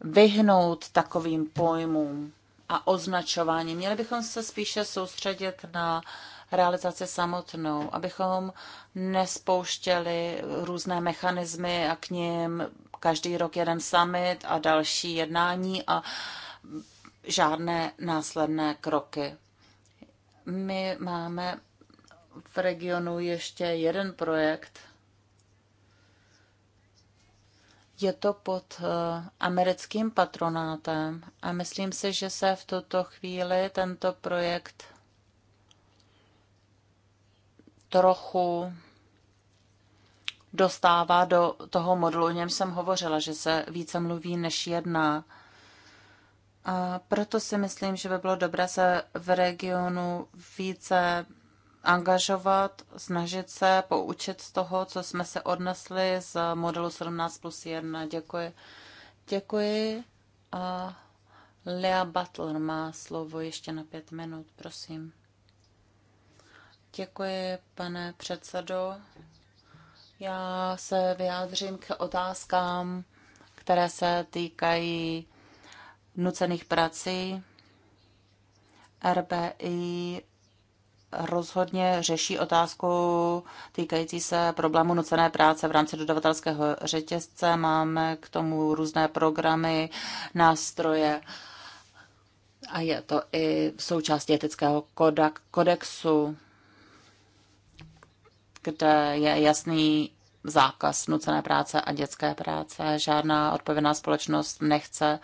vyhnout takovým pojmům a označování. Měli bychom se spíše soustředit na uh, realizaci samotnou, abychom nespouštěli různé mechanismy a k ním každý rok jeden summit a další jednání a žádné následné kroky. My máme v regionu ještě jeden projekt. Je to pod eh, americkým patronátem a myslím si, že se v tuto chvíli tento projekt trochu dostává do toho modelu, o něm jsem hovořila, že se více mluví, než jedná. A proto si myslím, že by bylo dobré se v regionu více angažovat, snažit se poučit z toho, co jsme se odnesli z modelu 17 plus 1. Děkuji. Děkuji. A Lea Butler má slovo ještě na pět minut, prosím. Děkuji, pane předsedo. Já se vyjádřím k otázkám, které se týkají nucených prací. RBI rozhodně řeší otázku týkající se problému nucené práce v rámci dodavatelského řetězce. Máme k tomu různé programy, nástroje a je to i v součástí etického kodexu kde je jasný zákaz nucené práce a dětské práce. Žádná odpovědná společnost nechce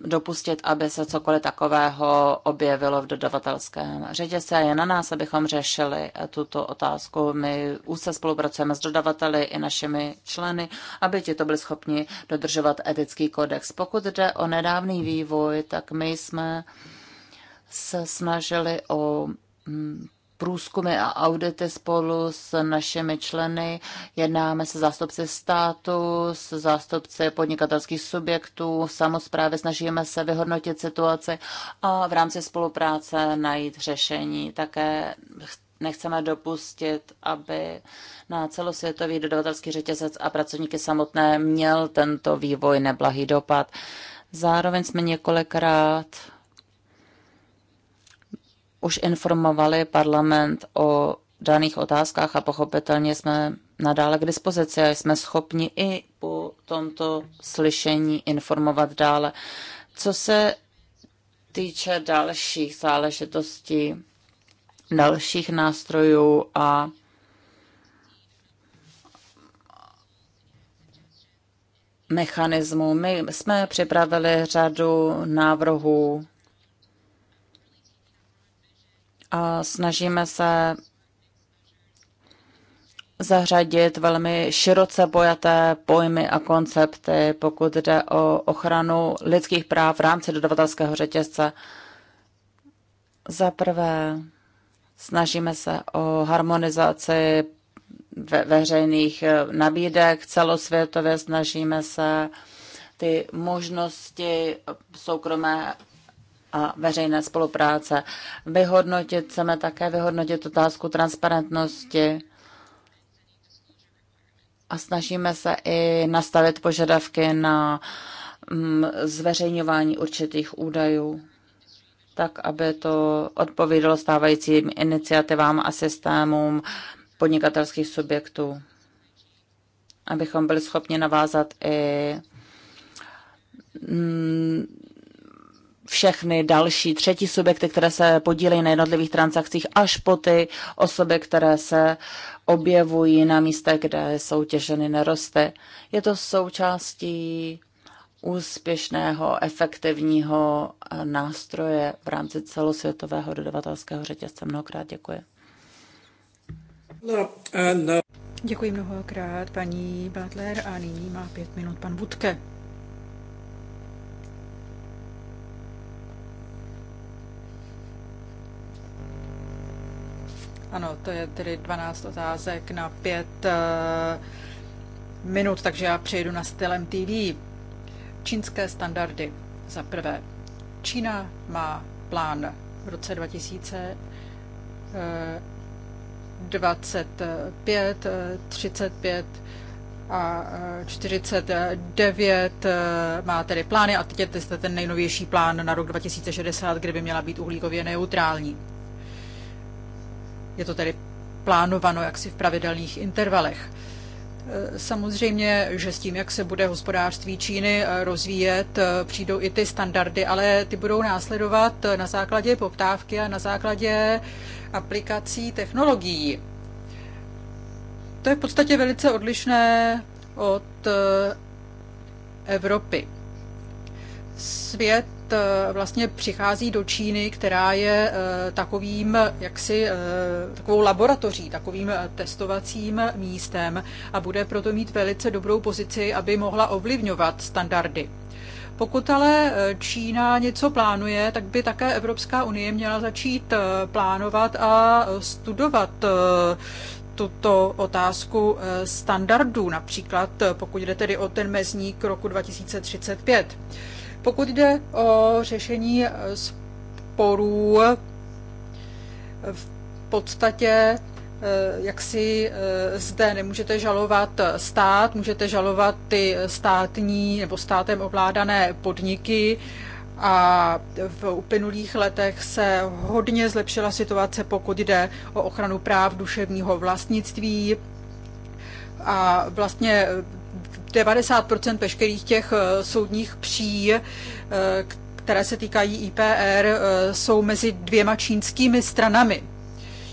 dopustit, aby se cokoliv takového objevilo v dodavatelském řetězci. A je na nás, abychom řešili tuto otázku. My už se spolupracujeme s dodavateli i našimi členy, aby ti to byli schopni dodržovat etický kodex. Pokud jde o nedávný vývoj, tak my jsme se snažili o mm, průzkumy a audity spolu s našimi členy. Jednáme se zástupci státu, s zástupci podnikatelských subjektů, samozprávy, snažíme se vyhodnotit situaci a v rámci spolupráce najít řešení. Také nechceme dopustit, aby na celosvětový dodavatelský řetězec a pracovníky samotné měl tento vývoj neblahý dopad. Zároveň jsme několikrát už informovali parlament o daných otázkách a pochopitelně jsme nadále k dispozici a jsme schopni i po tomto slyšení informovat dále. Co se týče dalších záležitostí, dalších nástrojů a mechanismů. My jsme připravili řadu návrhů a snažíme se zařadit velmi široce pojaté pojmy a koncepty, pokud jde o ochranu lidských práv v rámci dodavatelského řetězce. Za prvé, snažíme se o harmonizaci ve veřejných nabídek celosvětově, snažíme se ty možnosti soukromé a veřejné spolupráce. Vyhodnotit, chceme také vyhodnotit otázku transparentnosti a snažíme se i nastavit požadavky na mm, zveřejňování určitých údajů, tak aby to odpovídalo stávajícím iniciativám a systémům podnikatelských subjektů, abychom byli schopni navázat i mm, všechny další třetí subjekty, které se podílejí na jednotlivých transakcích, až po ty osoby, které se objevují na místech, kde jsou těženy nerosty. Je to součástí úspěšného, efektivního eh, nástroje v rámci celosvětového dodavatelského řetězce. Mnohokrát děkuji. No, eh, no. Děkuji mnohokrát, paní Butler, a nyní má pět minut pan Budke. Ano, to je tedy 12 otázek na 5 eh, minut, takže já přejdu na stylem TV. Čínské standardy. Za prvé, Čína má plán v roce 2025, 35 eh, eh, a 49 má tedy plány a teď je ten nejnovější plán na rok 2060, kde by měla být uhlíkově neutrální. Je to tedy plánováno jaksi v pravidelných intervalech. E, samozřejmě, že s tím, jak se bude hospodářství Číny e, rozvíjet, e, přijdou i ty standardy, ale ty budou následovat na základě poptávky a na základě aplikací technologií. To je v podstatě velice odlišné od Evropy. Svět Eh, vlastně přichází do Číny, která je eh, takovým, jaksi, eh, takovou laboratoří, takovým testovacím místem a bude proto mít velice dobrou pozici, aby mohla ovlivňovat standardy. Pokud ale Čína něco plánuje, tak by také Evropská unie měla začít plánovat a studovat tuto otázku standardů, například pokud jde tedy o ten mezník roku 2035. Pokud jde o řešení eh, sporů, v podstatě eh, jak si eh, zde nemůžete žalovat stát, můžete žalovat ty státní nebo státem ovládané podniky, a v uplynulých letech se hodně zlepšila situace, pokud jde o ochranu práv duševního vlastnictví. A vlastně 90% veškerých těch eh, soudních pří, eh, které se týkají IPR, eh, jsou mezi dvěma čínskými stranami.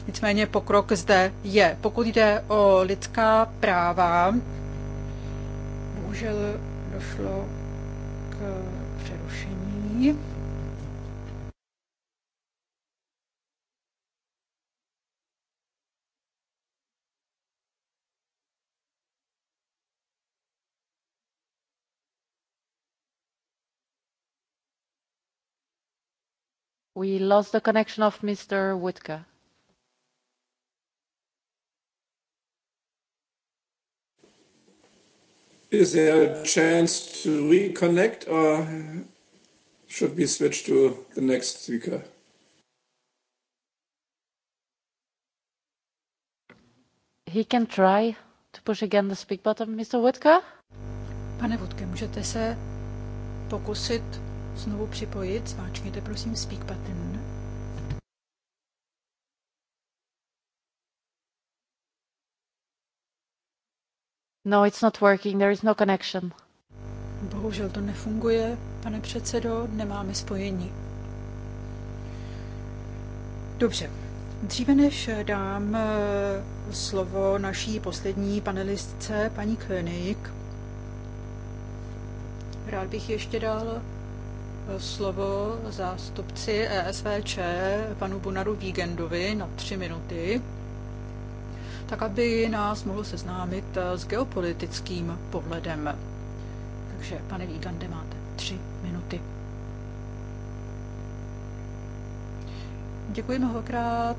Nicméně pokrok zde je. Pokud jde o lidská práva, bohužel došlo k přerušení. We lost the connection of Mr. Woodke. Is there a chance to reconnect or should we switch to the next speaker? He can try to push again the speak button, Mr. Woodke. Pane Woodke, můžete se pokusit znovu připojit, zmáčkněte prosím speak button. No, it's not working, there is no connection. Bohužel to nefunguje, pane předsedo, nemáme spojení. Dobře, dříve než dám eh, slovo naší poslední panelistce, paní König, rád bych ještě dal slovo zástupci ESVČ panu Bunaru Vígendovi na tři minuty, tak aby nás mohl seznámit s geopolitickým pohledem. Takže, pane Vígande, máte tři minuty. Děkuji mnohokrát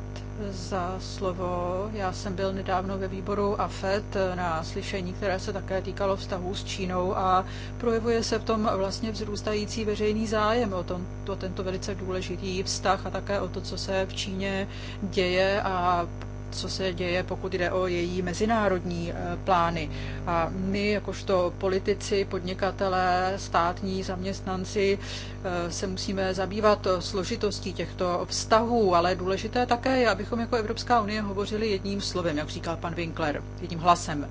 za slovo. Já jsem byl nedávno ve výboru AFET na slyšení, které se také týkalo vztahů s Čínou a projevuje se v tom vlastně vzrůstající veřejný zájem o, tom, o tento velice důležitý vztah a také o to, co se v Číně děje a co se děje, pokud jde o její mezinárodní eh, plány. A my, jakožto politici, podnikatelé, státní zaměstnanci, eh, se musíme zabývat složitostí těchto vztahů, ale důležité také je, abychom jako Evropská unie hovořili jedním slovem, jak říkal pan Winkler, jedním hlasem.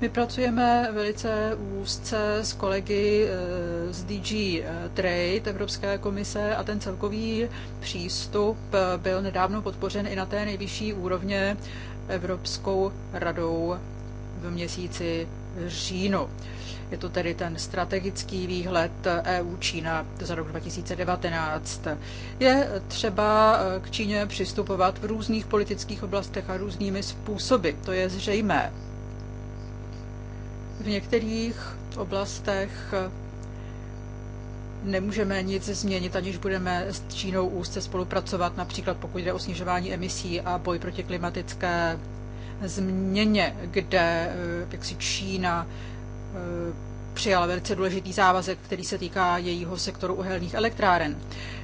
My pracujeme velice úzce s kolegy eh, z DG eh, Trade Evropské komise a ten celkový přístup eh, byl nedávno podpořen i na té nejvyšší úrovně Evropskou radou v měsíci říjnu. Je to tedy ten strategický výhled EU e Čína za rok 2019. Je třeba k Číně přistupovat v různých politických oblastech a různými způsoby, to je zřejmé v některých oblastech nemůžeme nic změnit, aniž budeme s Čínou úzce spolupracovat, například pokud jde o snižování emisí a boj proti klimatické změně, kde eh, jak si Čína eh, přijala velice důležitý závazek, který se týká jejího sektoru uhelných elektráren.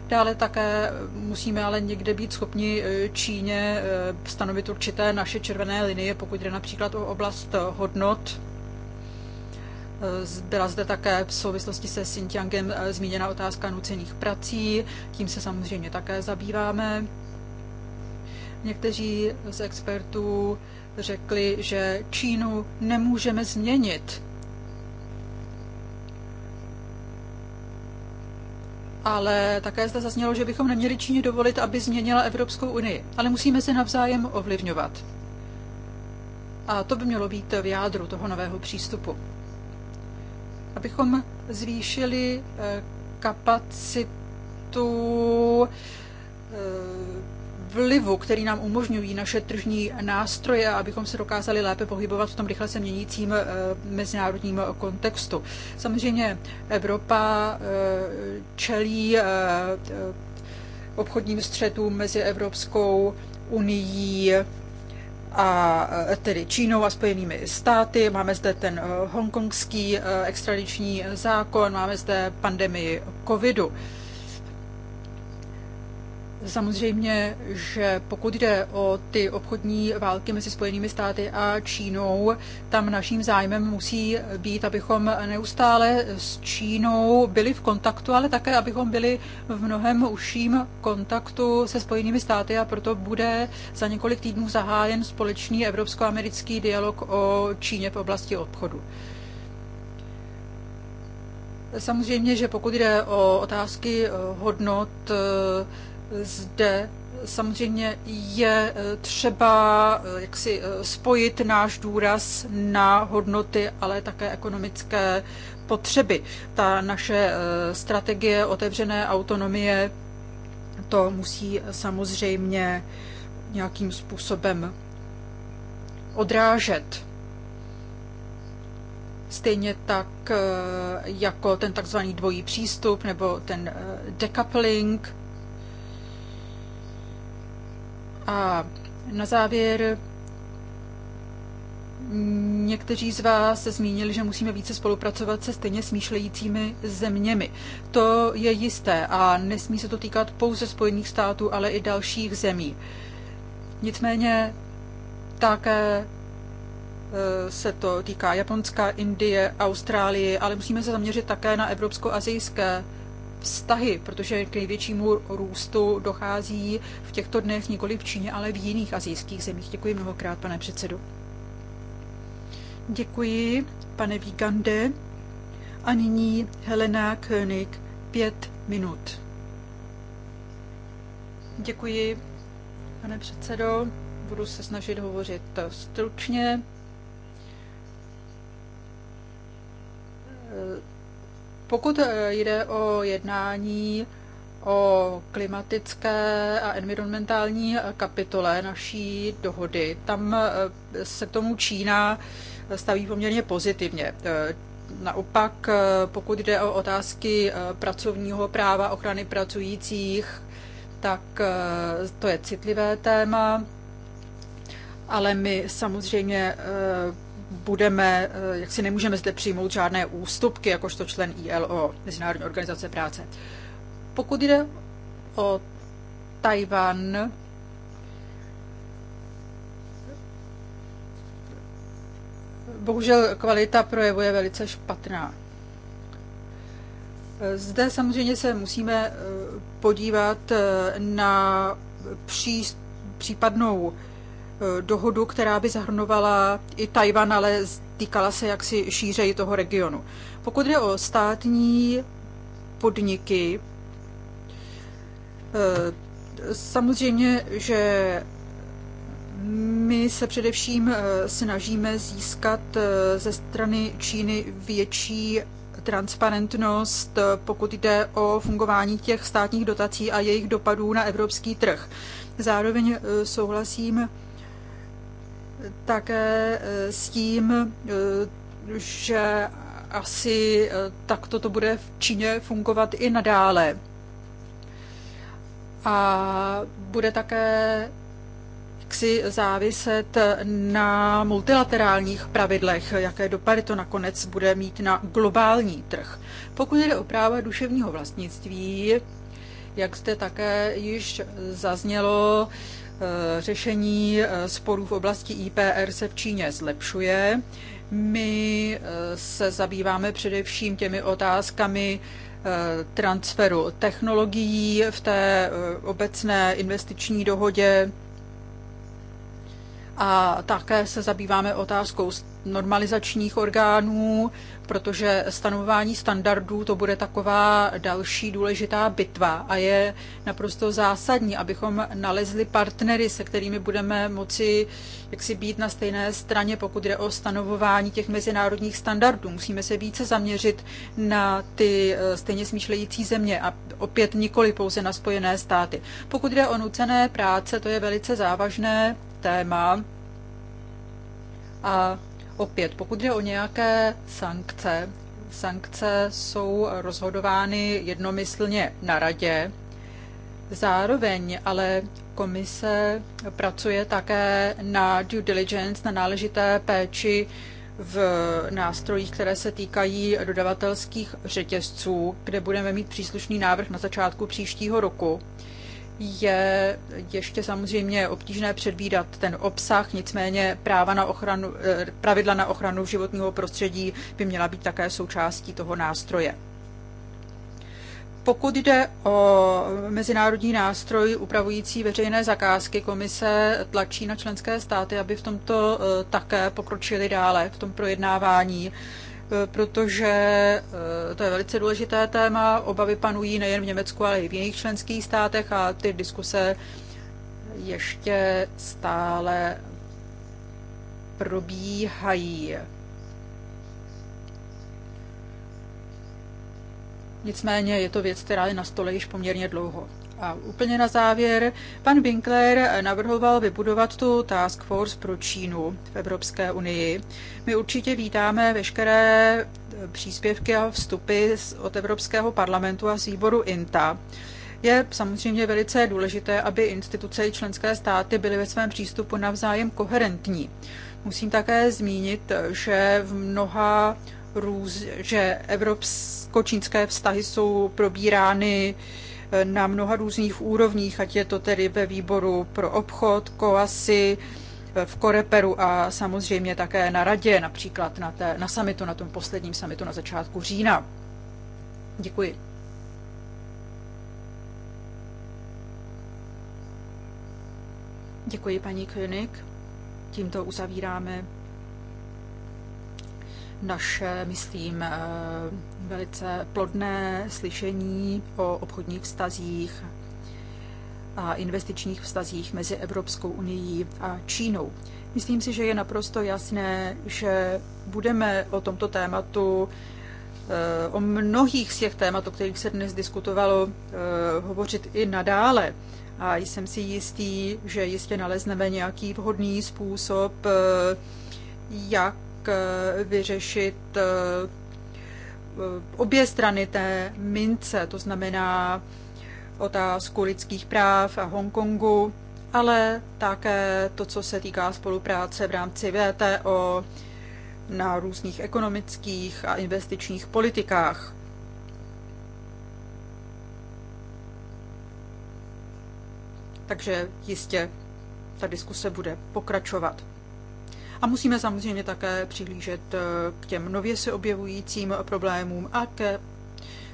Dále také musíme ale někde být schopni eh, Číně stanovit určité naše červené linie, pokud jde například o oblast hodnot Eh, byla zde také v souvislosti se Xinjiangem eh, zmíněna otázka nucených prací, tím se samozřejmě také zabýváme. Někteří z expertů řekli, že Čínu nemůžeme změnit. Ale také zde zaznělo, že bychom neměli Číně dovolit, aby změnila Evropskou unii. Ale musíme se navzájem ovlivňovat. A to by mělo být v jádru toho nového přístupu abychom zvýšili eh, kapacitu eh, vlivu, který nám umožňují naše tržní nástroje, abychom se dokázali lépe pohybovat v tom rychle se měnícím eh, mezinárodním kontextu. Samozřejmě Evropa čelí obchodním střetům mezi Evropskou unii a e, tedy Čínou a Spojenými státy. Máme zde ten e, hongkongský e, extradiční zákon, máme zde pandemii covidu. Samozřejmě, že pokud jde o ty obchodní války mezi Spojenými státy a Čínou, tam naším zájmem musí být, abychom neustále s Čínou byli v kontaktu, ale také, abychom byli v mnohem užším kontaktu se Spojenými státy a proto bude za několik týdnů zahájen společný evropsko-americký dialog o Číně v oblasti obchodu. Samozřejmě, že pokud jde o otázky hodnot, zde samozřejmě je eh, třeba eh, jaksi eh, spojit náš důraz na hodnoty, ale také ekonomické potřeby. Ta naše strategie otevřené autonomie to musí samozřejmě nějakým způsobem odrážet. Stejně tak jako ten takzvaný dvojí přístup nebo ten decoupling, a na závěr Někteří z vás se zmínili, že musíme více spolupracovat se stejně smýšlejícími zeměmi. To je jisté a nesmí se to týkat pouze Spojených států, ale i dalších zemí. Nicméně také eh, se to týká Japonska, Indie, Austrálie, ale musíme se zaměřit také na evropsko-azijské vztahy, protože k největšímu růstu dochází v těchto dnech nikoli v Číně, ale v jiných azijských zemích. Děkuji mnohokrát, pane předsedo. Děkuji, pane Vígande. A nyní Helena König, pět minut. Děkuji, pane předsedo. Budu se snažit hovořit stručně pokud eh, jde o jednání o klimatické a environmentální eh, kapitole naší dohody, tam eh, se k tomu Čína staví poměrně pozitivně. Naopak, pokud jde o otázky pracovního práva, ochrany pracujících, tak to je citlivé téma, ale my samozřejmě budeme, eh, jak si nemůžeme zde přijmout žádné ústupky, jakožto člen ILO, Mezinárodní organizace práce. Pokud jde o Tajvan, bohužel kvalita projevu je velice špatná. Zde samozřejmě se musíme eh, podívat eh, na případnou Eh, dohodu, která by zahrnovala i Tajvan, ale týkala se jaksi šířeji toho regionu. Pokud jde o státní podniky, eh, samozřejmě, že my se především eh, snažíme získat ze strany Číny větší transparentnost, pokud jde o fungování těch státních dotací a jejich dopadů na evropský trh. Zároveň souhlasím také eh, s tím, eh, že asi eh, takto to bude v Číně fungovat i nadále. A bude také jaksi záviset na multilaterálních pravidlech, jaké dopady to nakonec bude mít na globální trh. Pokud jde o práva duševního vlastnictví, jak zde také již zaznělo, Eh, řešení eh, sporů v oblasti IPR se v Číně zlepšuje. My eh, se zabýváme především těmi otázkami transferu technologií v té obecné investiční dohodě a také se zabýváme otázkou normalizačních orgánů, protože stanovování standardů to bude taková další důležitá bitva a je naprosto zásadní, abychom nalezli partnery, se kterými budeme moci jaksi být na stejné straně, pokud jde o stanovování těch mezinárodních standardů. Musíme se více zaměřit na ty eh, stejně smýšlející země a opět nikoli pouze na Spojené státy. Pokud jde o nucené práce, to je velice závažné téma. A Opět, pokud jde o nějaké sankce, sankce jsou rozhodovány jednomyslně na radě. Zároveň ale komise pracuje také na due diligence, na náležité péči v nástrojích, které se týkají dodavatelských řetězců, kde budeme mít příslušný návrh na začátku příštího roku je ještě samozřejmě obtížné předvídat ten obsah, nicméně práva na ochranu, eh, pravidla na ochranu životního prostředí by měla být také součástí toho nástroje. Pokud jde o mezinárodní nástroj upravující veřejné zakázky, komise tlačí na členské státy, aby v tomto eh, také pokročili dále v tom projednávání. Eh, protože eh, to je velice důležité téma. Obavy panují nejen v Německu, ale i v jiných členských státech a ty diskuse ještě stále probíhají. Nicméně je to věc, která je na stole již poměrně dlouho. A úplně na závěr, pan Winkler navrhoval vybudovat tu task force pro Čínu v Evropské unii. My určitě vítáme veškeré příspěvky a vstupy od Evropského parlamentu a z výboru INTA. Je samozřejmě velice důležité, aby instituce i členské státy byly ve svém přístupu navzájem koherentní. Musím také zmínit, že v mnoha růz, že evropsko-čínské vztahy jsou probírány na mnoha různých úrovních, ať je to tedy ve výboru pro obchod, koasy, v Koreperu a samozřejmě také na radě, například na, té, na samitu, na tom posledním samitu na začátku října. Děkuji. Děkuji, paní König. Tímto uzavíráme naše, myslím, eh, velice plodné slyšení o obchodních vztazích a investičních vztazích mezi Evropskou unii a Čínou. Myslím si, že je naprosto jasné, že budeme o tomto tématu, eh, o mnohých z těch témat, o kterých se dnes diskutovalo, eh, hovořit i nadále. A jsem si jistý, že jistě nalezneme nějaký vhodný způsob, jak jak eh, vyřešit eh, obě strany té mince, to znamená otázku lidských práv a Hongkongu, ale také to, co se týká spolupráce v rámci VTO na různých ekonomických a investičních politikách. Takže jistě ta diskuse bude pokračovat. A musíme samozřejmě také přihlížet eh, k těm nově se objevujícím problémům a ke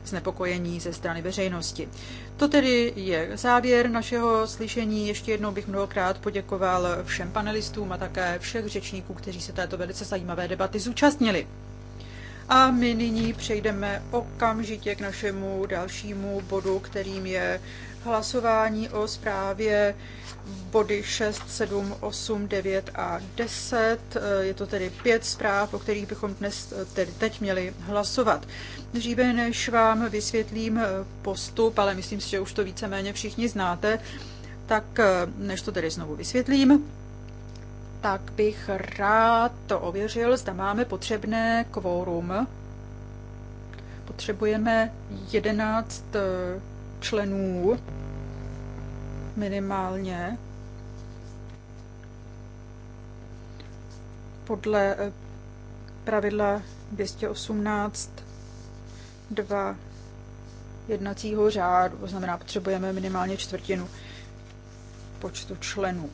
znepokojení ze strany veřejnosti. To tedy je závěr našeho slyšení. Ještě jednou bych mnohokrát poděkoval všem panelistům a také všech řečníků, kteří se této velice zajímavé debaty zúčastnili. A my nyní přejdeme okamžitě k našemu dalšímu bodu, kterým je hlasování o zprávě body 6, 7, 8, 9 a 10. Eh, je to tedy pět zpráv, o kterých bychom dnes, eh, tedy teď měli hlasovat. Dříve než vám vysvětlím eh, postup, ale myslím si, že už to víceméně všichni znáte, tak než to tedy znovu vysvětlím, tak bych rád to ověřil, zda máme potřebné kvórum. Potřebujeme 11 členů minimálně podle eh, pravidla 218 2 jednacího řádu, to znamená, potřebujeme minimálně čtvrtinu počtu členů.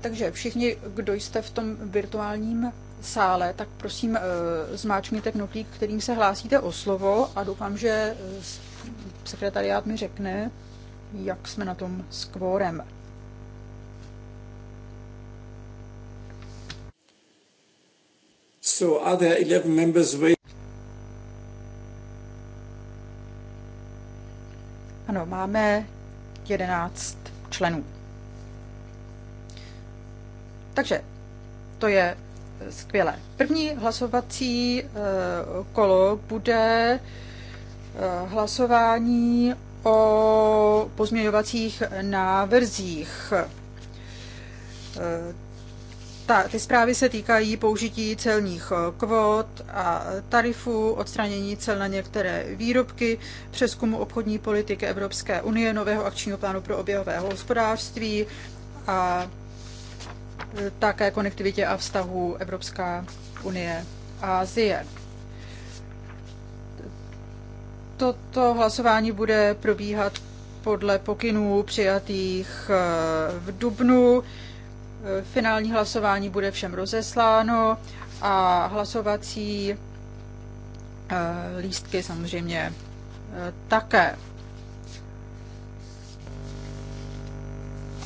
Takže všichni, kdo jste v tom virtuálním sále, tak prosím eh, zmáčkněte knoplík, kterým se hlásíte o slovo a doufám, že eh, sekretariát mi řekne, jak jsme na tom s kvórem. So are there 11 members Ano, máme 11 členů. Takže to je eh, skvělé. První hlasovací eh, kolo bude eh, hlasování o pozměňovacích návrzích. E, ta, ty zprávy se týkají použití celních e, kvót a tarifů, odstranění cel na některé výrobky, přeskumu obchodní politiky Evropské unie, nového akčního plánu pro oběhové hospodářství a e, také konektivitě a vztahu Evropská unie a Azie. Toto hlasování bude probíhat podle pokynů přijatých eh, v Dubnu. Eh, finální hlasování bude všem rozesláno a hlasovací eh, lístky samozřejmě také.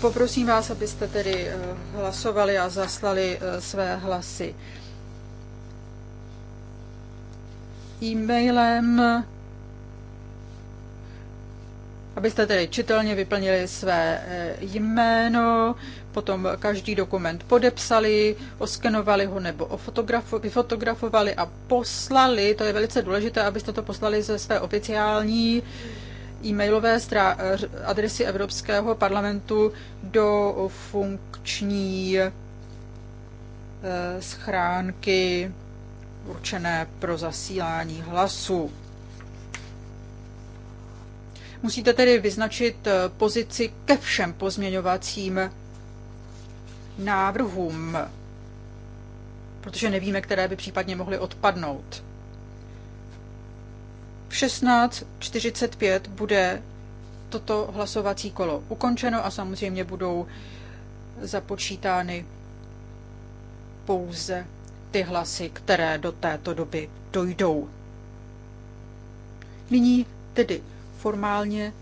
Poprosím vás, abyste tedy hlasovali a zaslali své hlasy e-mailem abyste tedy čitelně vyplnili své eh, jméno, potom každý dokument podepsali, oskenovali ho nebo vyfotografovali a poslali. To je velice důležité, abyste to poslali ze své oficiální e-mailové eh, adresy Evropského parlamentu do funkční eh, schránky určené pro zasílání hlasů. Musíte tedy vyznačit eh, pozici ke všem pozměňovacím návrhům, protože nevíme, které by případně mohly odpadnout. V 16.45 bude toto hlasovací kolo ukončeno a samozřejmě budou započítány pouze ty hlasy, které do této doby dojdou. Nyní tedy Formálně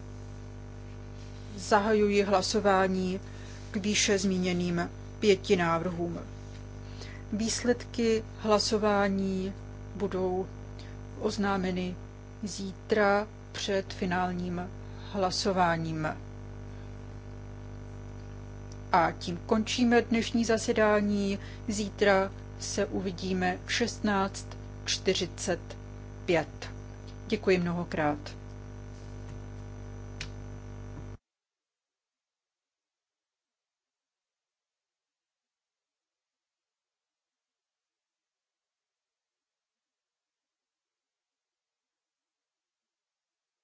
zahajuji hlasování k výše zmíněným pěti návrhům. Výsledky hlasování budou oznámeny zítra před finálním hlasováním. A tím končíme dnešní zasedání. Zítra se uvidíme v 16.45. Děkuji mnohokrát.